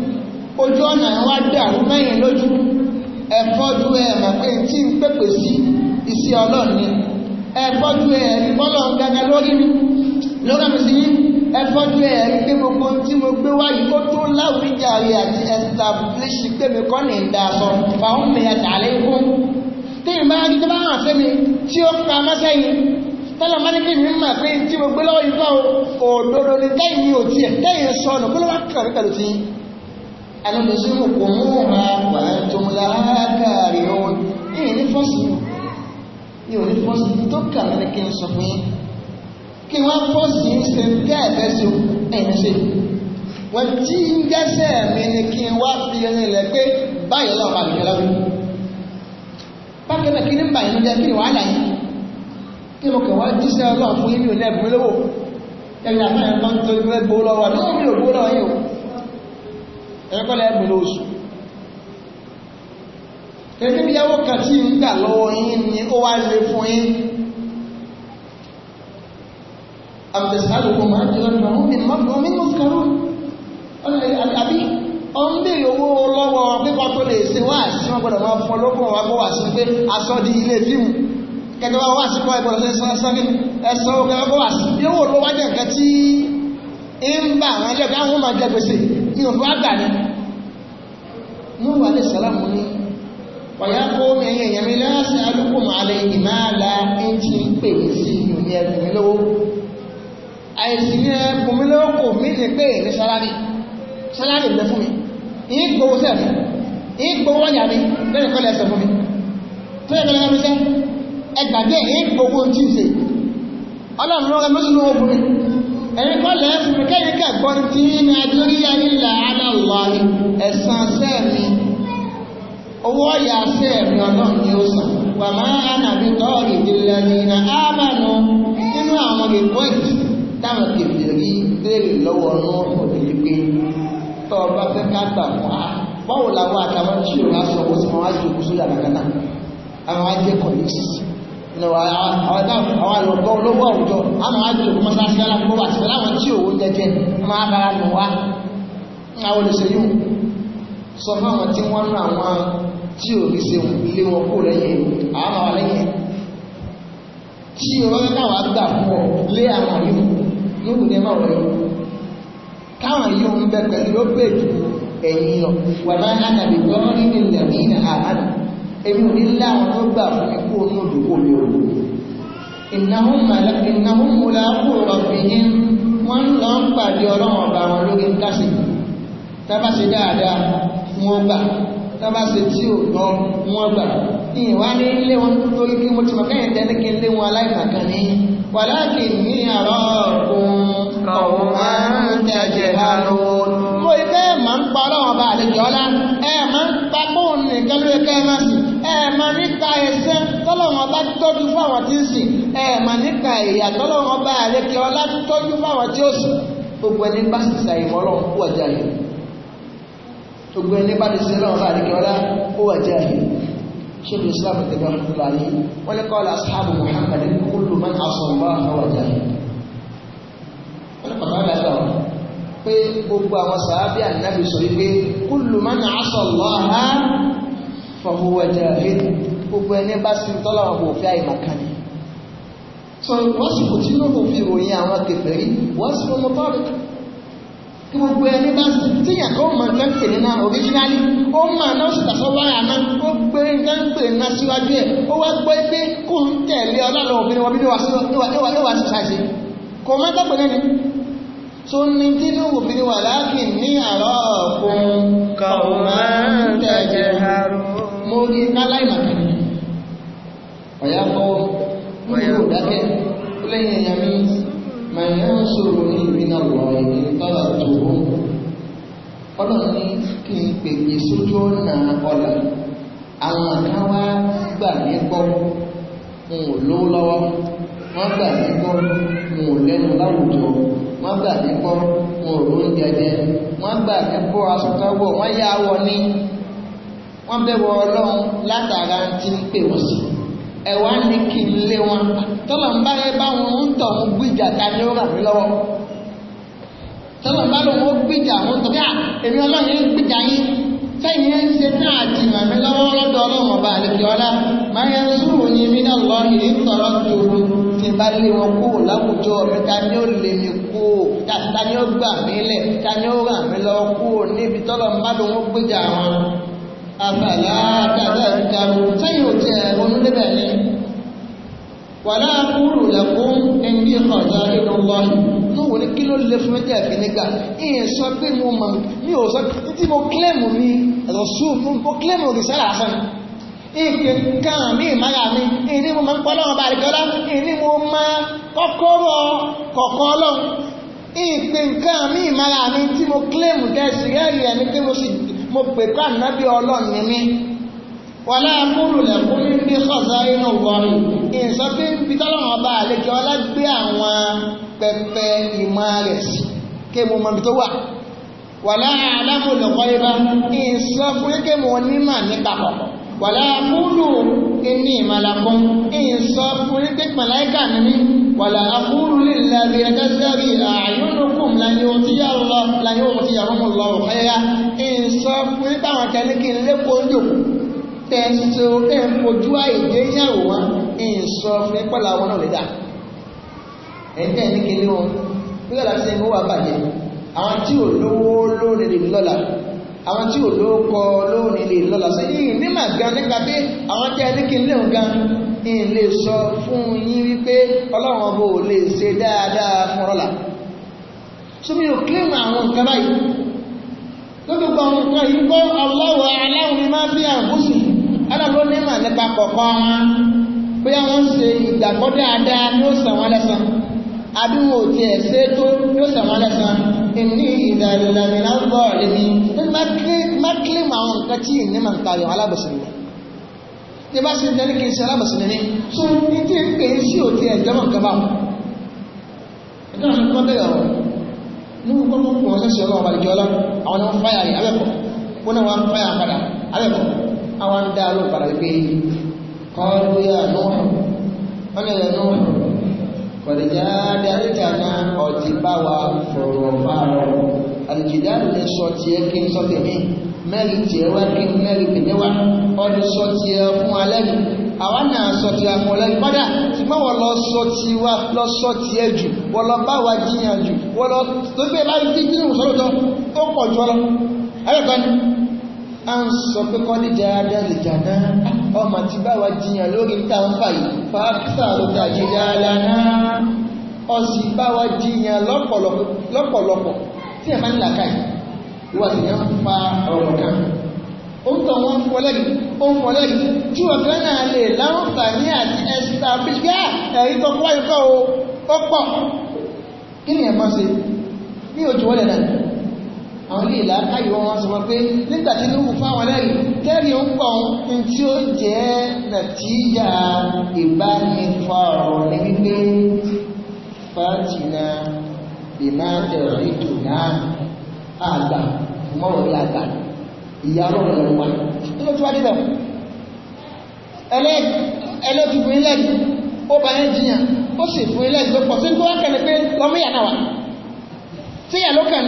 ojú ọ̀nà wá dàrú mẹ́yìn lójú ẹ̀fọ́jú ẹ̀ mọ̀ pé tí ń pèpè sí iṣẹ́ ọlọ́run ni ẹ̀fọ́jú ẹ̀ rí bọ́lọ̀ gẹ́gẹ́ lórí rí lórí àmì sí ẹ̀fọ́jú ẹ̀ rí pé gbogbo tí mo gbé wáyé kó tó láwùjáre àti ẹ̀sítàbílíṣì pé mi kọ́ ní ìdá sọ fàún mi àtàlẹ́ ikú tí ìmọ̀ ẹni tó bá hàn sí mi tí ó pa mọ́sẹ́ yìí tọ́lá máa ní kí mi mà pé tí mo gbé lọ́wọ́ yìí fọ́ òdodo ni tẹ́yìn ò tiẹ̀ tẹ́yìn sọnù kó ló wá kàrí pẹ̀lú ti yìí أنبزركموها وأنتم لها كارهون ìyẹn ní fọ́sìlì ní òní fọ́sìlì tó kà lẹ́nu kí n sọ fún yín kí wọ́n fọ́sìlì ń ṣe tẹ́ ẹ̀fẹ́ sí ẹ̀yìn ṣe wọ́n tí ń mi ni kí n wá fi ẹni lẹ̀ pé báyìí lọ́wọ́ bá mi yọ lọ́wọ́ bákan báyìí ló jẹ́ kí ni wàhálà yìí kí mo kàn wá jíṣẹ́ ọlọ́run fún yín mi ò lẹ́ẹ̀bù lówó ẹ̀yìn àbáyọ̀ máa ń torí pé lọ́wọ́ àdúgbò mi ò gbowó lọ́wọ́ yìí o ẹ̀kọ́lẹ̀ ẹgbẹ̀rẹ̀ oṣù ẹgbẹ́ bí yàwó kan tí ń gbà lọ́wọ́ yín ni ó wá lè fún yín àfẹ́sàlùkù máa jẹ́ ọ̀nà omi mọ́bí omi mọ́sùkàrù àbí ọmọ bèèrè owó lọ́wọ́ pípa tó lè ṣe wá sí wọn gbọ́dọ̀ wọn fún ọlọ́gbọ̀n wa kó wà sí pé aṣọ di ilé fíìmù kẹjọ wa wá sí pọ́ ẹgbọ́n lè sọ ẹsọ́ nǹkan tí ń bà wọn jẹ́ pé àwọn máa jẹ gbèsè tí o fi wá gbà ní Nuhu alayhi salamu ní ọ̀yá kó mi ẹ̀yẹ ẹ̀yẹ mi lẹ́sẹ̀ alùpùpù alẹ́ ìmáàlá ẹ̀jì ń pè mí sí ìlú ní ẹ̀rù mi lówó àìsí ní ẹ̀kùn mi lówó kò mí ní pé èmi sálárì sálárì ń fún mi ìyí gbowó ẹ̀yin kọ́ lẹ́ fún mi kẹ́yìn kẹ́gbọ́ tí ní adórí ayé ilẹ̀ aláwọ̀lọ́rí ẹ̀sán sẹ́ẹ̀mí owó ọ̀yà sẹ́ẹ̀mí ọlọ́run ni ó sàn wà máa ànàbí tọ́ọ̀rì ìdílé ní iná ábànú nínú àwọn rìpọ́ìtì táwọn kèfèrè rí béèrè lọ́wọ́ ọ̀run òbí pé tọ́ ọ bá fẹ́ ká gbà fún a báwo làwọn àtàwọn tí ò bá sọ wọ́n sì máa wá jòkó sójà àwọn àlọ́gbọ́ olówó àwùjọ a máa jẹ́ òkú mọ́sánsí aláàkọ́ wà sí láwọn tí òwò jẹjẹ máa bára nù wá àwọn olùsèyún sọ fún àwọn tí wọ́n rán àwọn tí ò rí se ilé wọn kó lẹ́yìn àwọn àwọn lẹ́yìn tí ọ̀rọ̀ káwà gbà fún ọ lé àwọn yóò yóò ní ẹmọ rẹ káwọn yóò ń bẹ èmi ò ní láwọn tó gbà fún ikú onú òdòkó mi ò ìnáhùn mọ̀lẹ́ ìnáhùn mọ̀lẹ́ àkúrò ọ̀bìnrin wọ́n lọ ń pàdé ọlọ́run ọba wọn lórí ńkásì tábà ṣe dáadáa wọn gbà tábà ṣe tí ò lọ wọn gbà ìwá ní ilé wọn torí kí mo ti mọ̀ kẹ́yìn tẹ́lẹ̀ kí lé wọn aláìmọ̀kan ní wà ní àrọ́ ọ̀kun kọ̀wọ́ ẹ̀ẹ̀mà nípa ẹ̀sẹ̀ tọ́lọ́wọ́n bá tọ́jú fáwọn tí ń sìn ẹ̀ẹ̀mà nípa ìyà tọ́lọ́wọ́n bá àlékè ọlá tọ́jú fáwọn tí ó sùn gbogbo ẹni bá sì ṣàyẹ̀wò ọlọ́run kó ọjà yìí gbogbo ẹni bá ti ṣe lọ́wọ́ bá àlékè ọlá kó ọjà yìí ṣé ibi islam tẹ̀lé ọ̀hánfúlà yìí wọ́n ní kọ́lá sáàbù muhammad kúlù wọ́n ní pàtàkì pé gbogbo àwọn sàábì ànábì sọ wípé kúlù mọ́ àṣọ̀rọ̀ fọwọ́ jahil gbogbo ẹni bá sin tọ́lá wọn kò fi àyèmọ̀ kan ni. sọ wọ́n sì kò tí lóko fi ròyìn àwọn kèfèrí wọ́n sì lọ́mọ tọ́lá kí gbogbo ẹni bá sin tíyàn kó mọ gánpè ní náà oríjínálì ó mọ àná ó sì tàṣọ wáyà náà ó gbé gánpè náà síwájú ẹ̀ ó wá gbọ́ pé kó ń tẹ̀lé ọlọ́lọ́ obìnrin wọn bí níwà sí ṣáṣe kò má dápẹ́ náà ni tó ní dínú obìnrin wà láàkì ní àárọ̀ ọkùnrin mo rí káláì màkàní ọ̀yá kọ́ ọ̀yá dákẹ́ lẹ́yìn ẹ̀yà mi mà ń yàn sọ̀rọ̀ ní ìrìnà wọ̀ ìrìn tọ́lá tó wọ́n ọlọ́run ní kí n pèpè sójú ọ̀nà ọ̀là àwọn kan wá gbà wọ́n bẹ̀rù ọlọ́run látara tí ń pè sí ni kí n lé wọn tọ́lọ̀ ń bá yẹ báwọn ń tọ̀ ń gbìjà ta ni ó rà mí lọ́wọ́ tọ́lọ̀ ń bá lóun ó gbìjà àwọn èmi ń gbìjà yín ń ṣe náà mí ọba àlejò ọlá máa sùúrù mí náà lọ ní bá lé wọn láwùjọ mi ta àfàlà àtàdà ìdàrú sẹ́yìn ò tẹ ẹ̀rọnú débẹ̀ ni wà láàkúrù lẹ́kún ẹni ọ̀dà inú lọ́yìn tó wọ́n ní kí ló lè fún ẹjẹ́ ìfẹ́ nígbà ìyẹn sọ pé mo mọ̀ mi ò sọ títí mo ìmára mi tí mo kílẹ̀mù dẹ́sì rẹ́rì ẹni pé mo sì mo pè ká nábí ọlọ́run ní mí wàlá kúrò lẹ́kún ní bí kọ̀ọ̀sá inú wọ̀nyí ìsọ pé bí tọ́lọ́run ọba àlejò ọlá gbé àwọn pẹpẹ ìmọ̀ rẹ̀ sí kí mo mọ ibi tó wà wàlá alámọ̀lẹ́kọ̀ọ́ ibà ìsọ fún kí mo nímà nípa kọ̀ọ̀kọ̀ wàlá kúrò inni malakun in sọ fún pé màláìkà ni mí wàlà akúrú lílà bí i kásárì àyúnukùn láyé òtí yàrá mú lọ ọ̀hẹ́yà in sọ fún pé àwọn kẹ́lí kí n lépo ń jòkó tẹ́sítò ẹ̀ ń fojú àìdé yàwó wọn in sọ fún pé làwọn náà lè dà ẹ̀ńtẹ́ ní kele wọn bí ọ̀là ti ń wà bàjẹ́ àwọn tí ò lówó lónìí lọ́la àwọn tí ò ló kọ lóòrìn lè lọ́la sí ní nímà gan nípa pé àwọn tẹ́ ní kí ní lè sọ fún yín wípé ọlọ́run ọbọ̀ ò lè ṣe dáadáa fún ò àwọn nǹkan báyìí lókùnkọ nǹkan yìí kọ́ ọlọ́wọ̀ aláwọ̀ máa fi nípa kọ̀ọ̀kan wọn ṣe ìgbàgbọ́ dáadáa ní ó sàn wọn lẹ́sàn-án àbíwò tí ẹ̀ ṣe tó yóò sàmọ́lẹ́sàn ní ìdàlùlàmìnà gbọ́ rẹ̀ ní mákílìmọ̀ àwọn nǹkan tí ìní ma ń tààrí àwọn alábòsìnlẹ̀ tí bá ṣe jẹ́ ní kí n ṣe alábòsìnlẹ̀ ní tó ní tí ń pè sí òtí ẹ̀jọ́mọ̀ gaba wọ́n ni ẹ̀yẹ̀ náà kọ̀dẹ̀jáàdáríkàná ọ̀tí bá wa fọ̀rọ̀ fáàrọ̀ alìjìdáàrí lè sọ ti ẹ kí n sọ tèmi mẹ́rin ti ẹ wá kí n mẹ́rin tèmi wá ọdún sọ ti ẹ fún alẹ́nu àwọn náà sọ ti ẹ fún ọlẹ́nu padà tí mọ́ wọ́n lọ sọ ti wá lọ sọ ti ẹ jù wọ́n lọ bá wa jiyàn jù wọ́n lọ tó gbé bá rí kí kí ní ìwòsàn lóòótọ́ ó pọ̀ jù ọ lọ ẹ̀rọ kan a ń sọ pé kọ́ níjà adáre jàná ọmọ ti bá wa jiyàn lórí tàǹfà yìí fàákítà ló tàjí dáadáa náà ọ sì bá wa jiyàn lọ́pọ̀lọpọ̀ tí ẹ̀ máa ń làkà yìí wà ní ẹ̀ ń fa ọ̀rọ̀ kan ó ń tọ̀ wọ́n fọlẹ́gì ó ń fọlẹ́gì tí ọ̀gá náà lè láǹfààní àti ẹ̀sìtà bíjá ah, ẹ̀rí tó kọ́ ìkọ́ o ó pọ̀ kí ni ẹ̀ máa ṣe ní òjò wọlé náà àwọn ilé ìlà ayọ̀ wọn sọ pé nígbà tí lóògùn fáwọn lẹ́yìn tẹ́rì ń pọ̀ ń tí ó jẹ́ nàtíjà ìbánifọ̀rọ̀ ní wípé fàtìnà bìmá tẹ̀rọ ètò náà àgbà mọ́rọ̀ ní àgbà ìyá ọlọ́run ló wà nínú tí wàá débẹ̀ ẹlẹ́ẹ̀kì fún ilẹ̀ ó bá yẹn jiyàn ó sì fún ilẹ̀ ìgbẹ́pọ̀ sí tó wá kẹ́ni pé lọ́mọ ìyá náà wà síyà ló kàn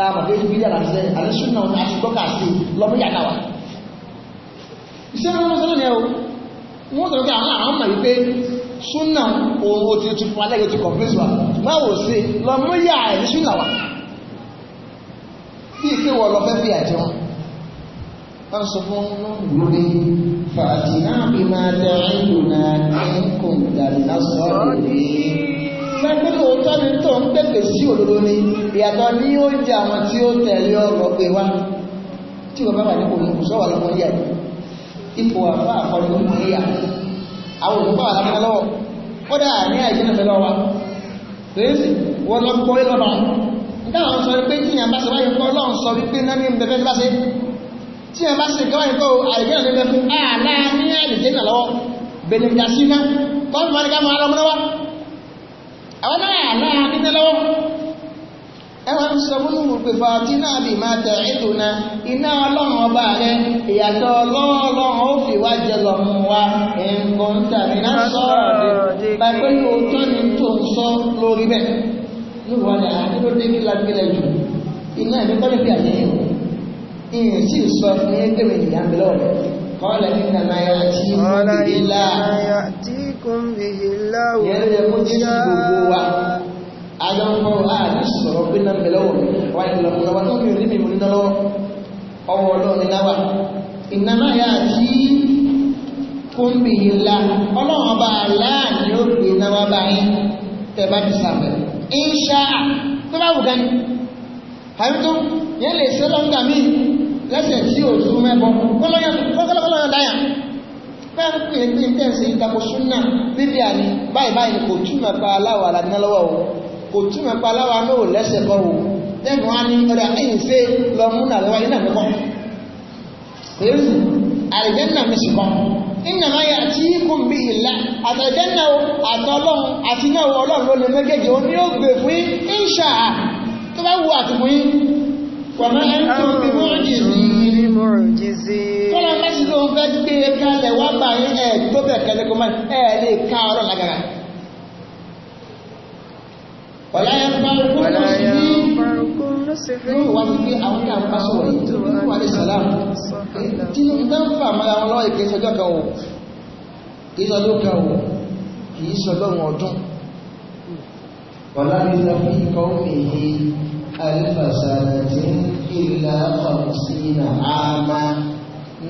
àmàdé ibi yàrá ṣe àlẹ́sùn náà ní aṣùgbọ́kà sí lọ́mú yàrá wa iṣẹ́ wọn sọ́nà ni ẹ o wọ́n sọ̀rọ̀ pé àwọn àwọn mọ̀ wípé súnà òun ò ti tún fún alẹ́ yóò ti kọ̀m̀pẹ́sì wa máa wò sí lọ́mú yàrá ẹ̀ súnà wa bí ìpé wọ́n lọ fẹ́ fi àjẹ wọn wọ́n sọ fún lórí fàtí náà bí máa dẹ́ ẹ̀yìn náà ẹ̀kùn dàrí lásán tó ń pèpè sí òdodo ni ìyàtọ̀ ní ó jẹ àwọn tí ó tẹ̀lé ọ̀rọ̀ pé wá tí wọ́n bá wà nípò mú sọ́wọ́ lọ́mọ yíyà ipò àfá àkọlù mú yíyà àwọn òkúpa wà lápá lọ́wọ́ kódà ní àìsí náà lọ́wọ́ lèyìnsì wọ́n lọ gbọ́ ilọ̀ náà nígbà wọn sọ pé tí ìyàn bá ṣe báyìí kọ́ lọ́n sọ wípé náà ní bẹ̀rẹ̀ bá ṣe tí ìyàn bá ṣe kọ́ ìkọ́ àìjẹ́ náà ní bẹ̀rẹ̀ fún àlá ní náà lọ́wọ́ àwọn náà náà níní lọ́wọ́ ẹwà ń sọ fún ìwò pé fàtí náà bì máa tẹ̀ ètò náà iná ọlọ́run ọba rẹ ìyàtọ̀ ọlọ́run ó fi wá jẹlọ mú wa nǹkan tàbí náà sọ̀rọ̀ rẹ báyìí pé òótọ́ ni tó ń sọ lórí bẹ́ẹ̀ yóò wà ní àdúgbò débi lágbélẹ̀ jù iná ẹ̀mí kọ́lé fi àyè yẹn ìyẹn sì sọ fún yẹn mi lọ́wọ́ rẹ̀ kọ́lẹ̀ nínú يحكم به الله ومن يشاء adam kọ a ní sọ̀rọ̀ pé náà bẹ̀lẹ̀ wọ̀ wà ní lọ́pọ̀ lọ́wọ́ tó yìí rí mi ní lọ́wọ́ ọwọ́ ọlọ́run ní náwà iná náà yà tí kúmbì yìí la ọlọ́run ọba aláà ní ó gbé náwà báyìí tẹ bá ti sàmẹ̀ ìṣá tó bá wù gani àbí tó yẹn lè ṣe lọ́ngà míì lẹ́sẹ̀ tí ò tún mẹ́bọ kọ́lọ́yọ̀ dáyà báyìí pé ẹni pé tẹ́ǹsì ìdàpọ̀ súnà bíbí àní báyìí báyìí kò túmọ̀ pa aláwọ̀ aládínà o kò túmọ̀ pa aláwọ̀ náà lẹ́sẹ̀ kọ́ o lẹ́nu wa ní ọ̀dà ẹ̀yìn ṣe lọ mú nàlẹ́ wa iná nìkan kò àrẹ̀jẹ́ nà mí ṣùgbọ́n nínú àwọn ayé àti ikú bí ìlà àtẹ̀jẹ́ náà àtọ́lọ́run àti náà ọlọ́run ló lè méjèèjì fẹ́ gbé kalẹ̀ wá gbà yín ẹ̀ bẹ̀ kẹlẹ́ máa ẹ̀ lè ká ọ̀rọ̀ lágara. ọ̀la yẹn bá kó ní ní ìwà fífi àwọn ní àwọn aṣọ wọ̀nyí tó sàlámù. tí ní bá ń fà mọ́ra wọn lọ́wọ́ ìkẹ́ sọjọ́ kan o kì í wọn ọdún. إلا خمسين عاما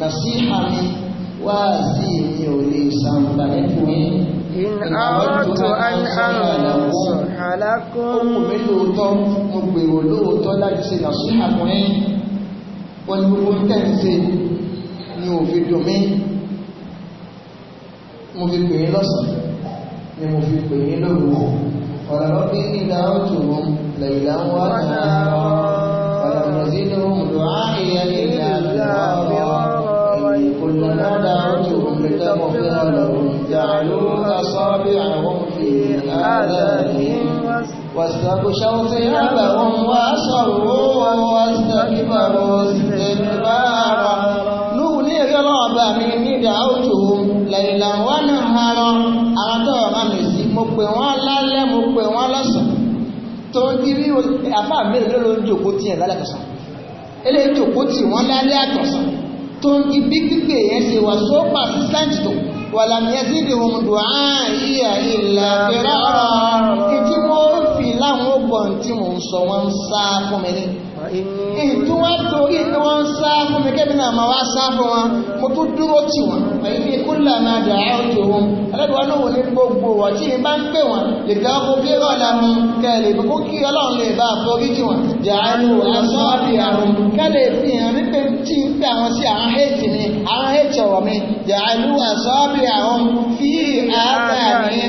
nàṣíhà mi wá sí mi ò lè ṣàǹfààní fún yín in àwọ́tò an àrùn sọ̀hálákó ohun mi lóòótọ́ mo gbèrò lóòótọ́ láti ṣe nàṣíhà fún yín wọ́n ni gbogbo ń tẹ́ǹsẹ̀ ni ò fi dùn mí mo fi pè yín lọ́sàn ni mo fi pè yín lóru ọ̀rọ̀ lọ́bí ní ìdáhùn tòun lẹ̀yìn láwọn àwọn ọ̀rọ̀ mọ̀sí ní ohun lọ́áyé أصابعهم في آذانهم واستغشوا ثيابهم وأصروا واستكبروا استكبارا نولي غلاب من دعوتهم ليلا ونهارا أعطوا غمسي مقوى لالي مقوى لصا torí rí afá mẹ́rin lọ́rọ̀ jòkó tí ẹ̀ lálẹ́ àtọ̀sán eléyìí jòkó tí wọ́n lálẹ́ àtọ̀sán torí bí pípé yẹn ṣe wà sópà sáǹtì tó wàlàm yazidhum du'ai illa firara ìtí mo ń fi láwọn ọgbọ̀n tí mo ń sọ wọn ń sá fún mi ní ìtúwà torí ni wọ́n sá fún mi kébìnà máa wá sá fún wọn mo tún dúró tì wọ́n fẹ̀yìnbí kúlà máa dà á òjò wọn ẹlẹ́dùn ọlọ́wọ́ ní gbogbo wọ̀ tí ì bá ń pè wọ́n lè gbà kó kí ọ̀la mi kẹ́lẹ̀ kó kí ọlọ́run lè bá àforí jì wọ́n dà á lò aṣọ àbí àrùn kẹ́lẹ̀ fi hàn mí pé tí ń pè àwọn sí àwọn hẹ́ẹ̀tì ni àwọn hẹ́ẹ̀tì ọ̀rọ̀ mi dà á lò aṣọ àbí àrùn fi àádáàmì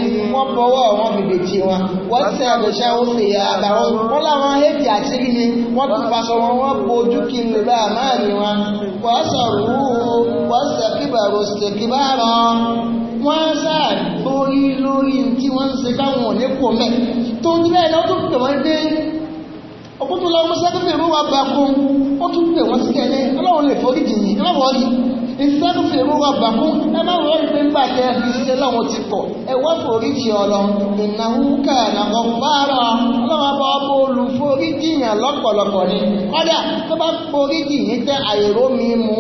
ìsìnkìbára wọ́n sáà gbórí lórí tí wọ́n ń ṣe káwọn ò ní pò mẹ́ tó ń bẹ́ẹ̀ lọ́tún pè dé ọkùnkùn lọ mọ́ wa bá kún ó tún pè wọ́n sí kẹ́lẹ́ ọlọ́run lè forí jì yìí ọlọ́run rí wa bá kún ẹ má wọ́n rí pé ńgbà tẹ́ fi ṣiṣẹ́ láwọn ti pọ̀ ẹ wá forí jì ọ̀lọ́ ìnáwó kàrà ọ̀pára ọlọ́run bá bó ni kọ́dà tó bá forí jì yìí tẹ́ àyèrò mi mú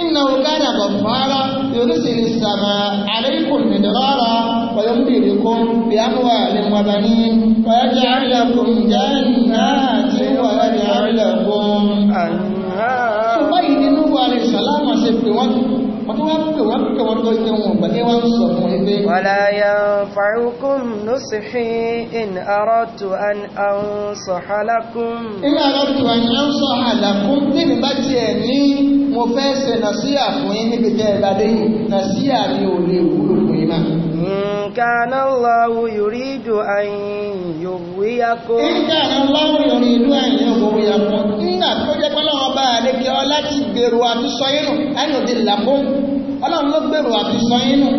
إنه كان غفارا يرسل السماء عليكم مدرارا ويمددكم بأموال وبنين ويجعل لكم جنات ويجعل لكم أنهارا ṣùgbọ́n ìdínú wa lè ṣàlámà ṣe pé wọ́n wọn tó ṣe wọn gbà ní wọ́n sọ fún ẹgbẹ́ wala yanfa'ukum nusihi in aradtu an ansaha lakum in aradtu an ansaha lakum níbi bá tiẹ̀ ní mo fẹ́ ṣe nàṣíà fún yín níbi tẹ́ ìbàdé yìí nàṣíà ni ò lè wúlò fún yín náà كان الله يريد أن يغويكم إن كان الله يريد أن يغويكم إن أتفجأ الله أبا لك يا الله تبيروا تسوينوا أن يدلكم ọlọ́run ló gbèrò àti sọ yínú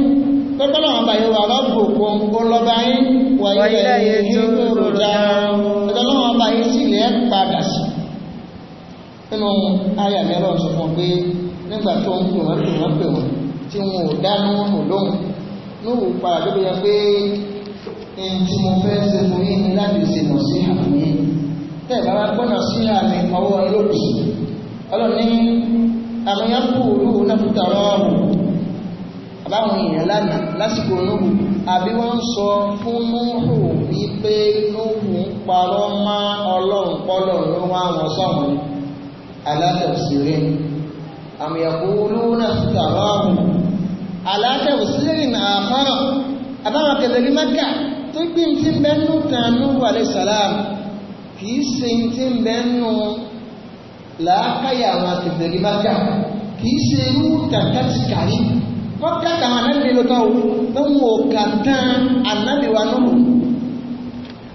pẹ́pọ́lọ́wọ́n bá yóò wà lọ́gbòkó ọlọ́bá yín wà ilẹ̀ ìjú tó rọ̀dá ọlọ́wọ́n bá yín sí ilẹ̀ padà sí nínú ayà mẹ́rọ̀ sọ fún pé nígbà tó ń pè wọ́n pè wọ́n pè wọ́n tí wọn ò dánú wọn ò lóhùn níwò padà tó bẹ̀yẹ pé mo fẹ́ ṣe mo yín ni láti ṣe mọ̀ sí àmì yín tẹ́ẹ̀ bá wá gbọ́nà sí àmì ọwọ́ lóbi ọlọ́ni àwọn yẹn kú olú náà fi tọrọ ọrùn àbáwọn èèyàn lánàá lásìkò nóhù àbí wọ́n sọ fún nóhù wípé nóhù ń parọ́ má ọlọ́run pọ́lọ̀ ló wá wọn sọ̀rọ̀ alátẹ̀síre àmì ẹ̀kọ́ olú náà fi tọrọ ọrùn alátẹ̀síre náà àbáwọn kẹtẹ̀lí mẹ́kà tó gbé ti ń nù tán nóhù alẹ́ sàlám kì í ṣe ti ń nù làákàyà àwọn akẹfẹ̀rí máka kìí ṣe irú kàkàtìkàrí kọ́kà àwọn anábì lọ́tọ́ o lọ́mú ọ̀kà tán anábì wa nù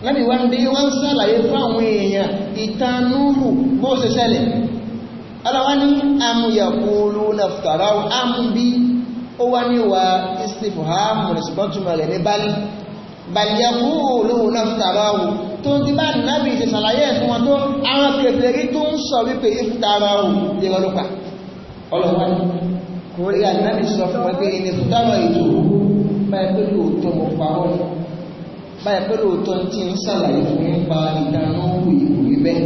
anábì wa ndé wọ́n ń sàlàyé fún àwọn ya ìtàn nùhù bó ṣe ṣẹlẹ̀ ọlọ́wọ́ ní amúyàkúlù nàfàrà amúbí ó wá ní wa istifu ha mọ̀rẹ̀sìbọ́tùmọ̀ rẹ̀ ní bali bàlìyàkúrò náfìtàráwò tó ti bá náàbì ìṣẹ̀ sàlàyé ẹ̀fún wọn tó àwọn kèfèrí tó ń sọ wípé ìfìtàráwò ìrọlùpà ọlọ́wọ́n kò rí ànábì sọ fún wọn pé ìnìfìtàrà ètò báyẹ̀ pẹ̀lú òótọ́ mọ̀ pàwọ́ báyẹ̀ pẹ̀lú òótọ́ tí ń sàlàyé fún nípa ìdáná òkú ìkù ibẹ̀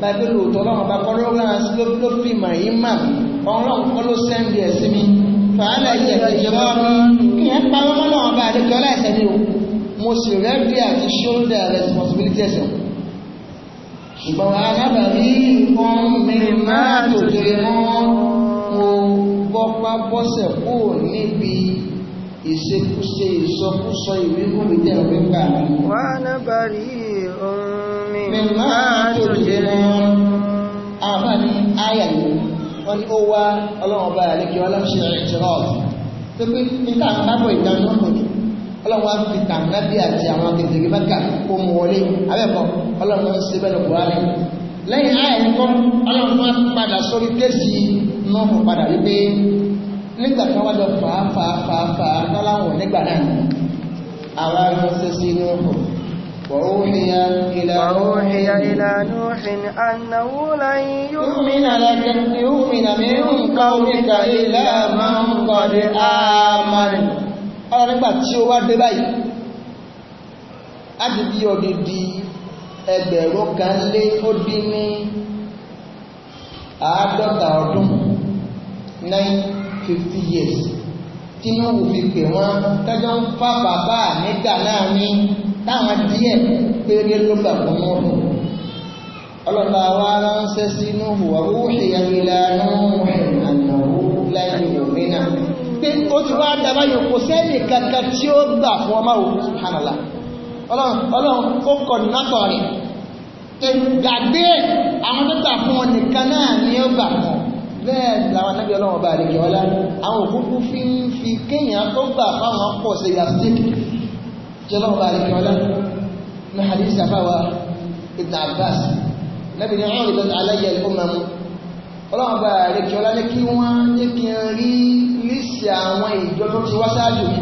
báyẹ̀ pẹ̀lú òótọ́ ọlọ́run bá kọ́ lọ́rùn ló fi mọ̀ yí mà ọlọ́run kọ́ ló sẹ́ndì ẹ̀ sí mi fàálà ìṣẹ̀lẹ̀ ìjọba kí ẹ pa ọmọ náà bá àdékọ́lá ìṣẹ̀lẹ̀ mo sì rẹ́dí àti shoulder responsibility ẹ̀sẹ̀ ṣùgbọ́n alábàárí nǹkan mìíràn máa tòjòrè mọ́ mo bọ́pá bọ́sẹ̀ kó níbi ìṣekúṣe ìsọkúsọ ìwékùnrin jẹ́ òwúgbà mi. wọ́n alábàárí omi máa tòjòrè mọ́ àwọn ní àyà ni wọ́n ní ó wá ọlọ́run ọba àlejò aláṣẹ ìtìrọ̀ọ̀tì tó pé níta àbábọ̀ ìdáná lòdì ọlọ́run wá fi kà nábì àti àwọn akẹ́kẹ̀ẹ́ mẹ́kà kó mú wọlé abẹ́kọ̀ ọlọ́run wọ́n ṣe bẹ́ẹ̀ lọ́kùnrin rẹ̀ lẹ́yìn ààyè kọ́ ọlọ́run wá padà sórí kéèsì náà mọ̀ padà wípé nígbà kan wájọ fàáfàáfàáfà tọ́láwọ̀ nígbà náà ni àwọn ará ṣe sí inú ọkọ̀ وأوحي إلى وأوحي إلى نوح أنه لن يؤمن لك يؤمن من قومك إلا من قد آمن ọ̀rọ̀ nígbà tí ó wá dé báyìí láti bí odidi ẹgbẹ̀rún kan lé ó dín ní àádọ́ta ọdún 950 years tinubu fi pè wọ́n tọ́jọ́ ń fa bàbá nígbà náà ní táwọn díẹ̀ péré ló gbà fún wọn ọlọ́ta wa ránṣẹ́ sínú wàhúhìyà ìlànà ti wá dábá yóò kò sẹ́nì kankan tí ó gbà fún ọmọ òun subhanallah ọlọ́run ó kọ̀ nátọ̀ rẹ̀ gbàgbé àwọn tó gbà fún ọ nìkan náà ni ó gbà fún ọ bẹ́ẹ̀ làwọn anábì ọlọ́run ọba àlejò ọlá àwọn òkúkú fi ń fi kéèyàn tó gbà fáwọn pọ̀ sí yastik jẹ́ ọlọ́run ọba àlejò ọlá ní hadith safawa ibn abbas nabi ni wọn rí aláyẹ̀ ọmọ ọlọ́run bá rẹ̀ kí ọlá ní kí wọ́n ní kí n rí lísì àwọn ìjọ tó ti wá sáájú mi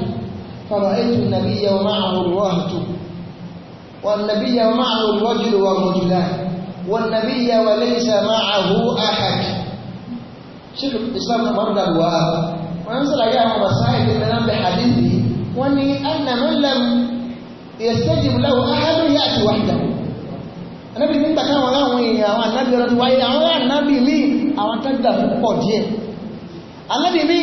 fọmọ ètò nàbí yẹ ọmọ àwọn olùwọ́ àtò wọn nàbí yẹ ọmọ àwọn olùwọ́ jùlọ wọn mọ̀jùlá wọn nàbí yẹ wà lẹ́yìn sàmà àhú ahad ṣílù islam ọmọdé dàgbà wọn ń sàlàyé àwọn masáyé tó mẹ́rin bẹ hadithi wọn ni annamọ́lẹ́m yẹ sẹ́jì láwọn ahadu yẹ àti ànábì nígbà táwọn láwọn èèyàn àwọn ànábì ọlọ́dún wáyé àwọn ànábì mí àwọn tẹ́gbà púpọ̀ díẹ̀ ànábì mí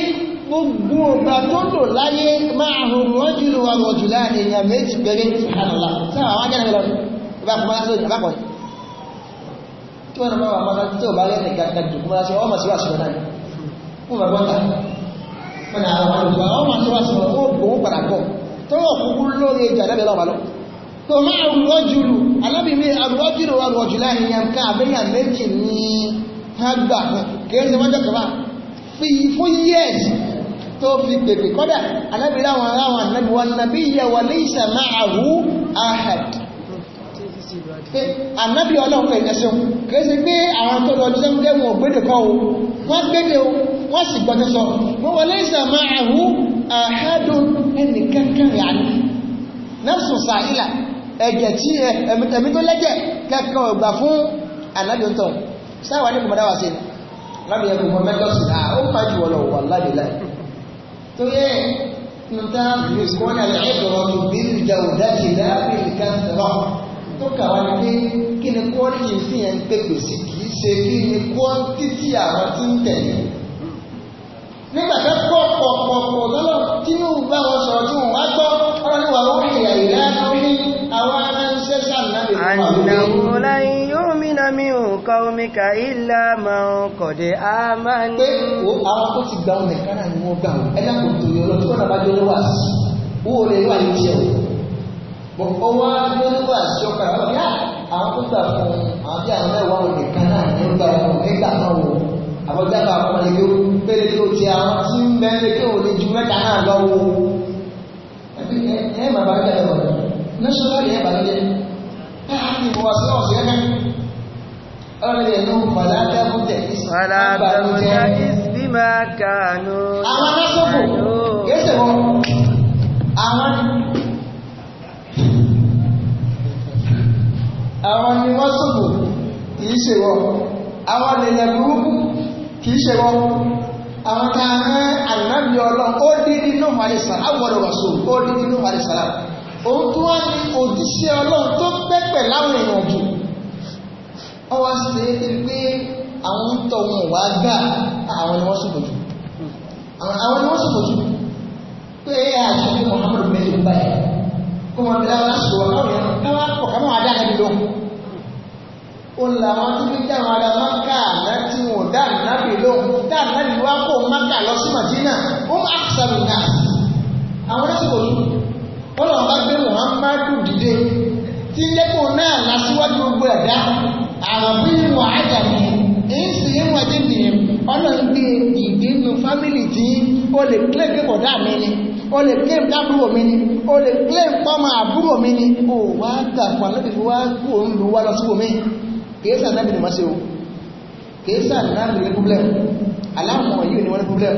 gbogbo ọgbà tó lò láyé máa hùn wọ́n jù lọ wọ́n jù láàrin èèyàn méjì gbẹ̀rẹ̀ subhanallah sáà àwọn ajá lọ bá fún mọ́lá sóòjì lápọ̀ tí wọ́n bá wà mọ́lá tí ó bá lẹ́nì gàdà jù fún mọ́lá tòmá àrùwọ́jùlù alábìnrin àrùwọ́jùlù àrùwọ́jùlá ìyàn ká àbẹ́yà méjì ní àgbà kìí wájọ́ kọba fi fún years tó fi pèpè kọ́dà alábìnrin àwọn aráwọn anábìwọ́ nàbí yẹ wà ní ìsàmà àhú ahad anábì ọlọ́pẹ̀ ẹ̀sùn kìí sí pé àwọn tó lọ jẹ́ mú gbédè kọ́ o wọ́n gbédè o wọ́n sì gbọ́dọ̀ sọ wọ́n wà ní sa'ila ẹ̀jẹ̀ tí ẹ̀mí tó lẹ́jẹ̀ kẹ́kọ̀ọ́ ọgbà fún ànábìyàn tán sáwà ní kòmọdáwà sí lábìyẹ kòmọ mẹ́tọ́sì àwọn pàjù wọlọ̀ wà lábìlẹ̀ tó yẹ nta ìsìnkọ́nà ẹ̀dọ̀rọ̀ tó bí ìjà òdájì lábìlẹ̀ kẹsìrọ̀ tó kàwà ní pé kí ni kọ́ọ̀lì sí ẹ̀ ń pèpè sí kì í ṣe kí ni kọ́ńtítì àwọn tí ń tẹ̀lé nígbà tó pọ̀ pọ̀ pọ̀ pọ̀ tọ́lọ́ tí yóò bá wọn sọ̀rọ̀ tí أنه لن يؤمن من قومك إلا من قد آمن pé o àwọn tó ti gba ọmọ ẹ̀ka náà ni wọ́n gbà ó ẹ̀dá kò tó yọ lọ́tọ́ náà bá jọ́lọ́wà sí owó rẹ̀ wà ní iṣẹ́ o ọwọ́ jọ́lọ́wà sí ọkọ̀ àwọn bí àwọn tó gbà fún àwọn bí àwọn mẹ́wàá ọmọ ẹ̀ka náà ni wọ́n gbà ọmọ ẹ̀ka náà wò àwọn jábà ọmọ ẹ̀ka ó péré tó ti àwọn tí ń bẹ́ẹ̀ lé kí mẹ́ta náà lọ́wọ́ ẹ̀ ẹ̀ máa bá نحن وسوسهم أرنهم فلا تبتئس فلا تبتئس بما كانوا àwọn aláṣọ́kù yẹ́sẹ̀ wọn àwọn àwọn ni wọ́n ṣòkò kìí ṣe wọn àwọn lèyẹ̀ burúkú kìí ṣe wọn àwọn tààrán ànábì ọlọ́run ó dídí náà wà lè sàrà àwọn ọ̀rọ̀ wà sóò ó dídí náà wà lè sàrà òun tó wá ní òjíṣẹ́ ọlọ́run tó pẹ́pẹ̀ láwọn èèyàn jù wọ́n wá sí pé pé àwọn ń tọ́ wọn wá gbà àwọn ni wọ́n ṣòfò jù àwọn ni wọ́n ṣòfò jù pé àti pé Muhammadu mẹ́lẹ̀ ń báyìí kó wọn bẹ̀rẹ̀ wọn sọ wọn káwọn yẹn káwọn pọ̀ káwọn adá ẹni lọ. ó là wọn tó fi jáwọn ará máka láti wọn dá nàbì lóhùn dá nàbì wá kó máka lọ sí Madina ó ń àkùsà mi náà àwọn lọ́sọ̀kọ̀ wọ́n lọ́wọ́ bá gbé muhammadu dìde tí ń jẹ́kọ̀ náà lásíwájú gbogbo ẹ̀dá àrọ̀bí ìwọ̀n àjàmì èyí sì ń wọ́n dé nìyẹn ọlọ́gbé ìgbínú fámìlì tí ó lè claim pé bọ̀dá mi ni ó lè claim dábúrò mi ni ó lè claim pọ́mọ àbúrò mi ni ó wá gbà pa lóbi fi wá kú òun lò wá lọ sí omi kèésà náà bìnnìmọ́ sí o kèésà náà bìnnìmọ́ problem aláwọ̀ yìí ni wọ́n ní problem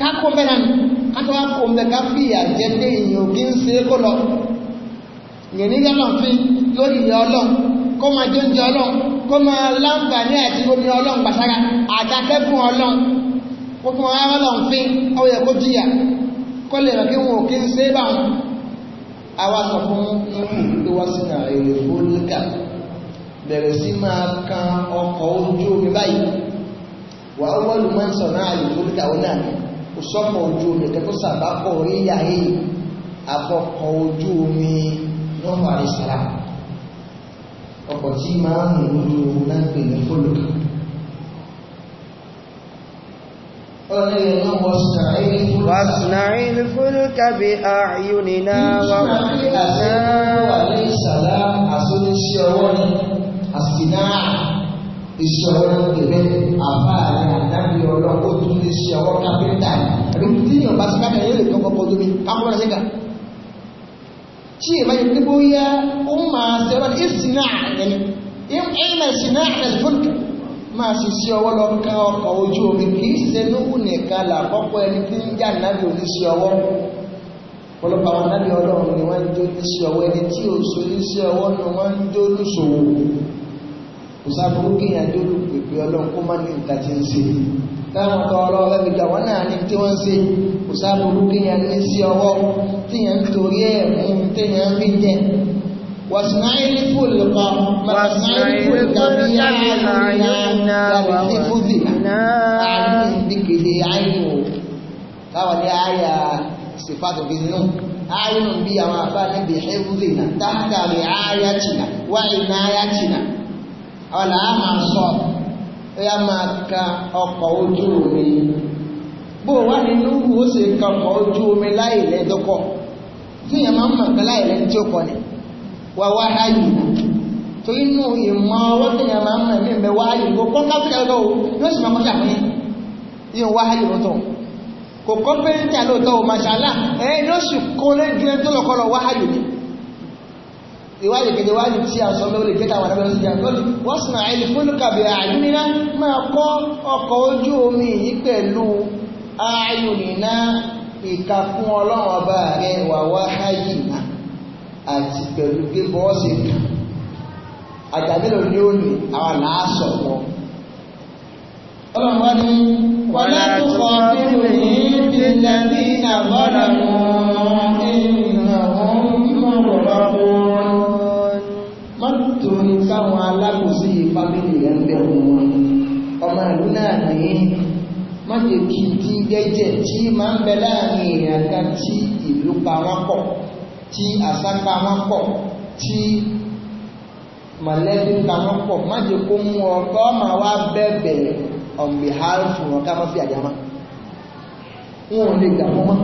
kákó mẹ́ra ní kátó wá kó mẹ́ káfíyà jẹ́ pé èyàn kí ń ṣe kó lọ yẹn ní lọ́lọ́ fi lórí ìyá ọlọ́ kó máa jẹ́ oúnjẹ ọlọ́ kó máa láǹfààní àti omi ọlọ́ gbàsára àdákẹ́ fún ọlọ́ kó fún ọlọ́ ọlọ́ fi ó kó jìyà kó lè rọ̀ kí wọn ò kí ń ṣe bá wọn. àwa sọ fún ìlú wa sínú èrè fúlùkà bẹ̀rẹ̀ sí máa kan ọkọ̀ ojú omi báyìí wàá wọ́n lù mọ́ sọ̀rọ̀ àlè fúlùkà ó náà òsọ́mọ̀ ojú omi tẹ́kọ́ sàbápọ̀ oríyà yìí afọ́kọ̀ ojú omi lọ́wọ́ àrísàrá ọkọ̀ tí máa ń mú ojú omi láti ní fólùkà واصنعين الفلك بأعيننا وأعيننا iṣẹ́ ọwọ́ ló dé bẹ́ẹ̀ àbá rẹ̀ àdábì ọlọ́ ó tún lè ṣe ọwọ́ kápẹ́ńtà àbí tí yóò bá síkáka yóò lè tọ́kọ́ pọ̀ lómi kápọ́nà ṣẹ́ka tí ìbá yìí pé bóyá ó máa ṣe ọwọ́ ìsìnà ẹni ìmọ̀ ìsìnà ẹni fúnkà máa ṣe ṣe ọwọ́ lọ ká ọkọ̀ ojú omi kì í ṣe lóhùn nìkan làkọ́kọ́ ẹni tí ń jà nábì oníṣẹ́ ọwọ́ ọlọ́pàá àwọn nábì ọlọ́run ni wọ́n ń jó oníṣẹ́ ọwọ́ ẹni tí ò kò sáburú kí ìyàjò olùpèpè ọlọ́run kó má ní nǹkan tí ń ṣe táwọn kan ọlọ́run fẹ́ fi gbà náà ní tí wọ́n ṣe kò sáburú kí ìyàn ní sí ọwọ́ tí torí ẹ̀ mú i láti fún ìdíkèdè o táwọn ní àyà sèpàtò bíi bí àwọn níbi ọ̀là á máa sọ ẹ̀yà máa ka ọkọ̀ ojú omi bó wà nínú ó sì ka ọkọ̀ ojú omi láì lẹ́dọ́kọ̀ tí èèyàn máa ń mọ̀ kan láì lẹ́ni tí ó kọ̀ ni wà wá háyù tó inú ìmọ̀ ọwọ́ tí èèyàn máa ń mọ̀ mí mẹ́ wá háyù kó kọ́ káfíńtà lọ́wọ́ yóò sì máa kọ́ sàmúyẹ́ yóò wá háyù lọ́tọ̀ kò kọ́ pé ní àlóòtọ́ ò máa ṣàlá ẹ̀ yóò sì kó lẹ́jú ẹ ìwádìí kẹjẹ wádìí tí a sọ lórí jẹ́ káwọn abẹ́rẹ́ sí àtọ́lù wọ́n sì máa ẹni fún kàbí àìmínà máa kọ́ ọkọ̀ ojú omi yìí pẹ̀lú ayùnìná ìkàkún ọlọ́run ọba rẹ̀ wàwá háyìnà àti pẹ̀lú gbé ní káwọn alákòsí fámílì rẹ̀ ń bẹ̀ fún wọn ọmọ ìlú náà ní má jẹ́ kí tí jẹ́jẹ́ tí máa ń bẹ láàrin èèyàn kan tí ìlú pa wọ́n pọ̀ tí àṣà pa wọ́n pọ̀ tí mọ̀lẹ́bí pa wọ́n pọ̀ má jẹ́ kó mú ọkọ́ máa wá bẹ̀bẹ̀ on behalf wọn ká má fi àjá máa wọn ò lè gbà wọ́n mọ́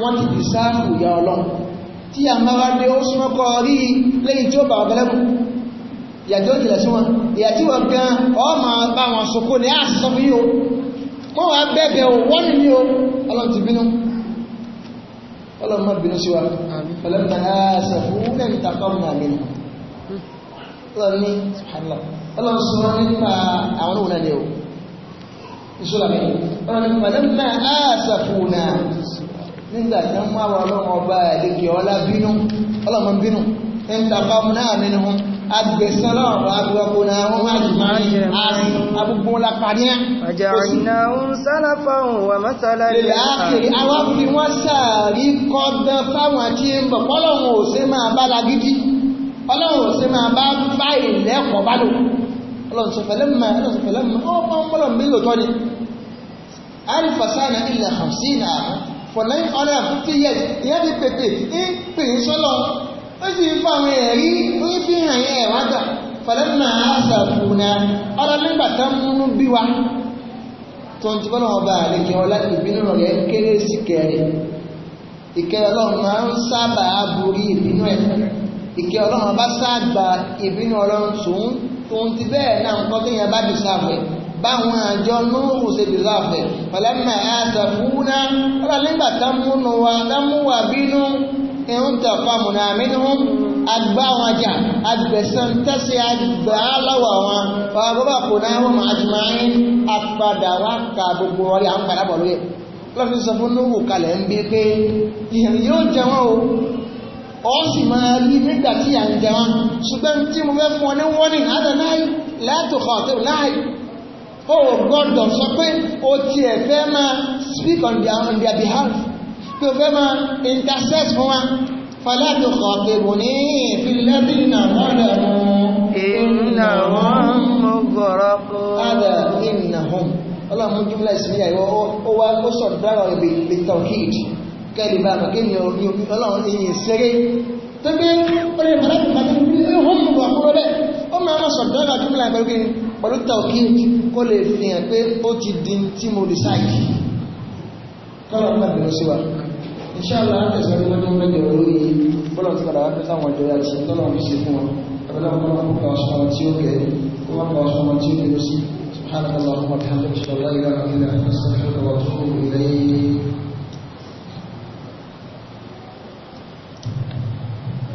wọ́n ti dìsáàfù ìyá ọlọ́run tí a máa dé ó súnmọ́ kọ́ rí lẹ́yìn tí ó bà ọ̀bẹ̀lẹ́kù ìyàjọ́ ìjìnlẹ̀ sí wọn ìyà tí wọ́n gan ọ ma bá wọn sọkó ní àṣìṣọ́ fún yíò kó wọ́n bẹ́ẹ̀bẹ̀ wọ́n ní o ọlọ́run ti bínú nígbà tí wọ́n máa wà ọlọ́run ọba àdékè ọlá bínú ọlọ́run bínú ẹ̀ńtàpá náà mi ni wọn agbèsán náà wà gbogbo náà wọ́n máa jù máa yẹ àrùn agbogbo la parí ẹ́ àjà ìnà òun sálà fáwọn wà mọ́sálà rẹ̀ àkèrè àwọn fi wọ́n sàárí kọ́dán for nine hundred and fifty years ìyẹn ti pèpè ń pè ń sọ́lọ̀ ó sì ń fa àwọn ẹ̀rí ó ń fi hàn yẹn ẹ̀wá gbà fọlẹ́nà àṣàfùnà ọ̀rọ̀ nígbà tá ń múnú bí wa tó ń ti bọ́lá ọba àlejò ọlá ìbínú rẹ̀ kéré sí kẹrin ìkẹ́ ọlọ́run máa ń sábà borí ìbínú ẹ̀ ìkẹ́ ọlọ́run bá sábà ìbínú ọlọ́run tòun tòun ti bẹ́ẹ̀ náà nǹkan tó yẹn bá dì sáàmù ẹ̀ báwọn àjọ lóòrù ṣe dìsáfẹ́ pẹ̀lẹ́mẹ̀ àtàkùnà ọlọ́lẹ́gbà támúnú wa támúwà bínú ìhún tàfàmùnà àmìnihún agbá wọn ajá agbẹ̀sán tẹ́sí agbà aláwọ̀ wọn ọgbọ́bà kò náà wọ́n máa ti máa ń apadà wá ka gbogbo ọrí àwọn padà bọ̀ lóye lọ́dún sọ fún lóòrù kalẹ̀ ń bí pé yóò jẹ wọn o ọ sì máa rí nígbà tí à ń jẹ wọn ṣùgbọ́n tí mo fẹ́ fún ọ ní wọ́nìí látọ̀ láì látò kọ̀ọ̀tẹ̀ o gbọ́dọ̀ sọ pé o tiẹ̀ fẹ́ máa speak on their, on their behalf pé o fẹ́ máa intercess fún wa fàlàtò kọ̀ọ̀tẹ̀bù ní ìfìlẹ́bìnà mọ́dà ọlọ́run jùmlá ìsinmi àìwọ́ ó wá ó sọ̀rọ̀ dára ọ̀rẹ̀ bitawkid kẹlìbà àmàkẹ́ni ọlọ́run ìyìn sẹ́rẹ́ tó gbé ọ̀rẹ́ mọ̀lẹ́kùnmọ̀ ó hùn mọ̀ àkúrọ̀ bẹ́ẹ̀ ó máa sọ̀rọ̀ dára jùmlá ìbẹ̀rẹ̀ pẹ̀lú tawkid kó lè fi hàn pé ó ti di tí mo lè sáàkì kọ́lọ̀ náà bẹ̀rẹ̀ sí wa inṣáàlá àtẹ̀sẹ̀rẹ̀ lọ́jọ́ mẹ́jọ lórí bọ́lọ̀ tí padà wákẹ́ sáwọn ìjọra ti tọ́lọ̀ ń ṣe fún wa ẹgbẹ́lá ọmọ ọmọ ọmọ tí ó kẹ́ ó wá kọ́ ọmọ tí ó kẹ́ lọ sí سبحانك اللهم وبحمدك اشهد ان لا اله الا انت استغفرك واتوب اليك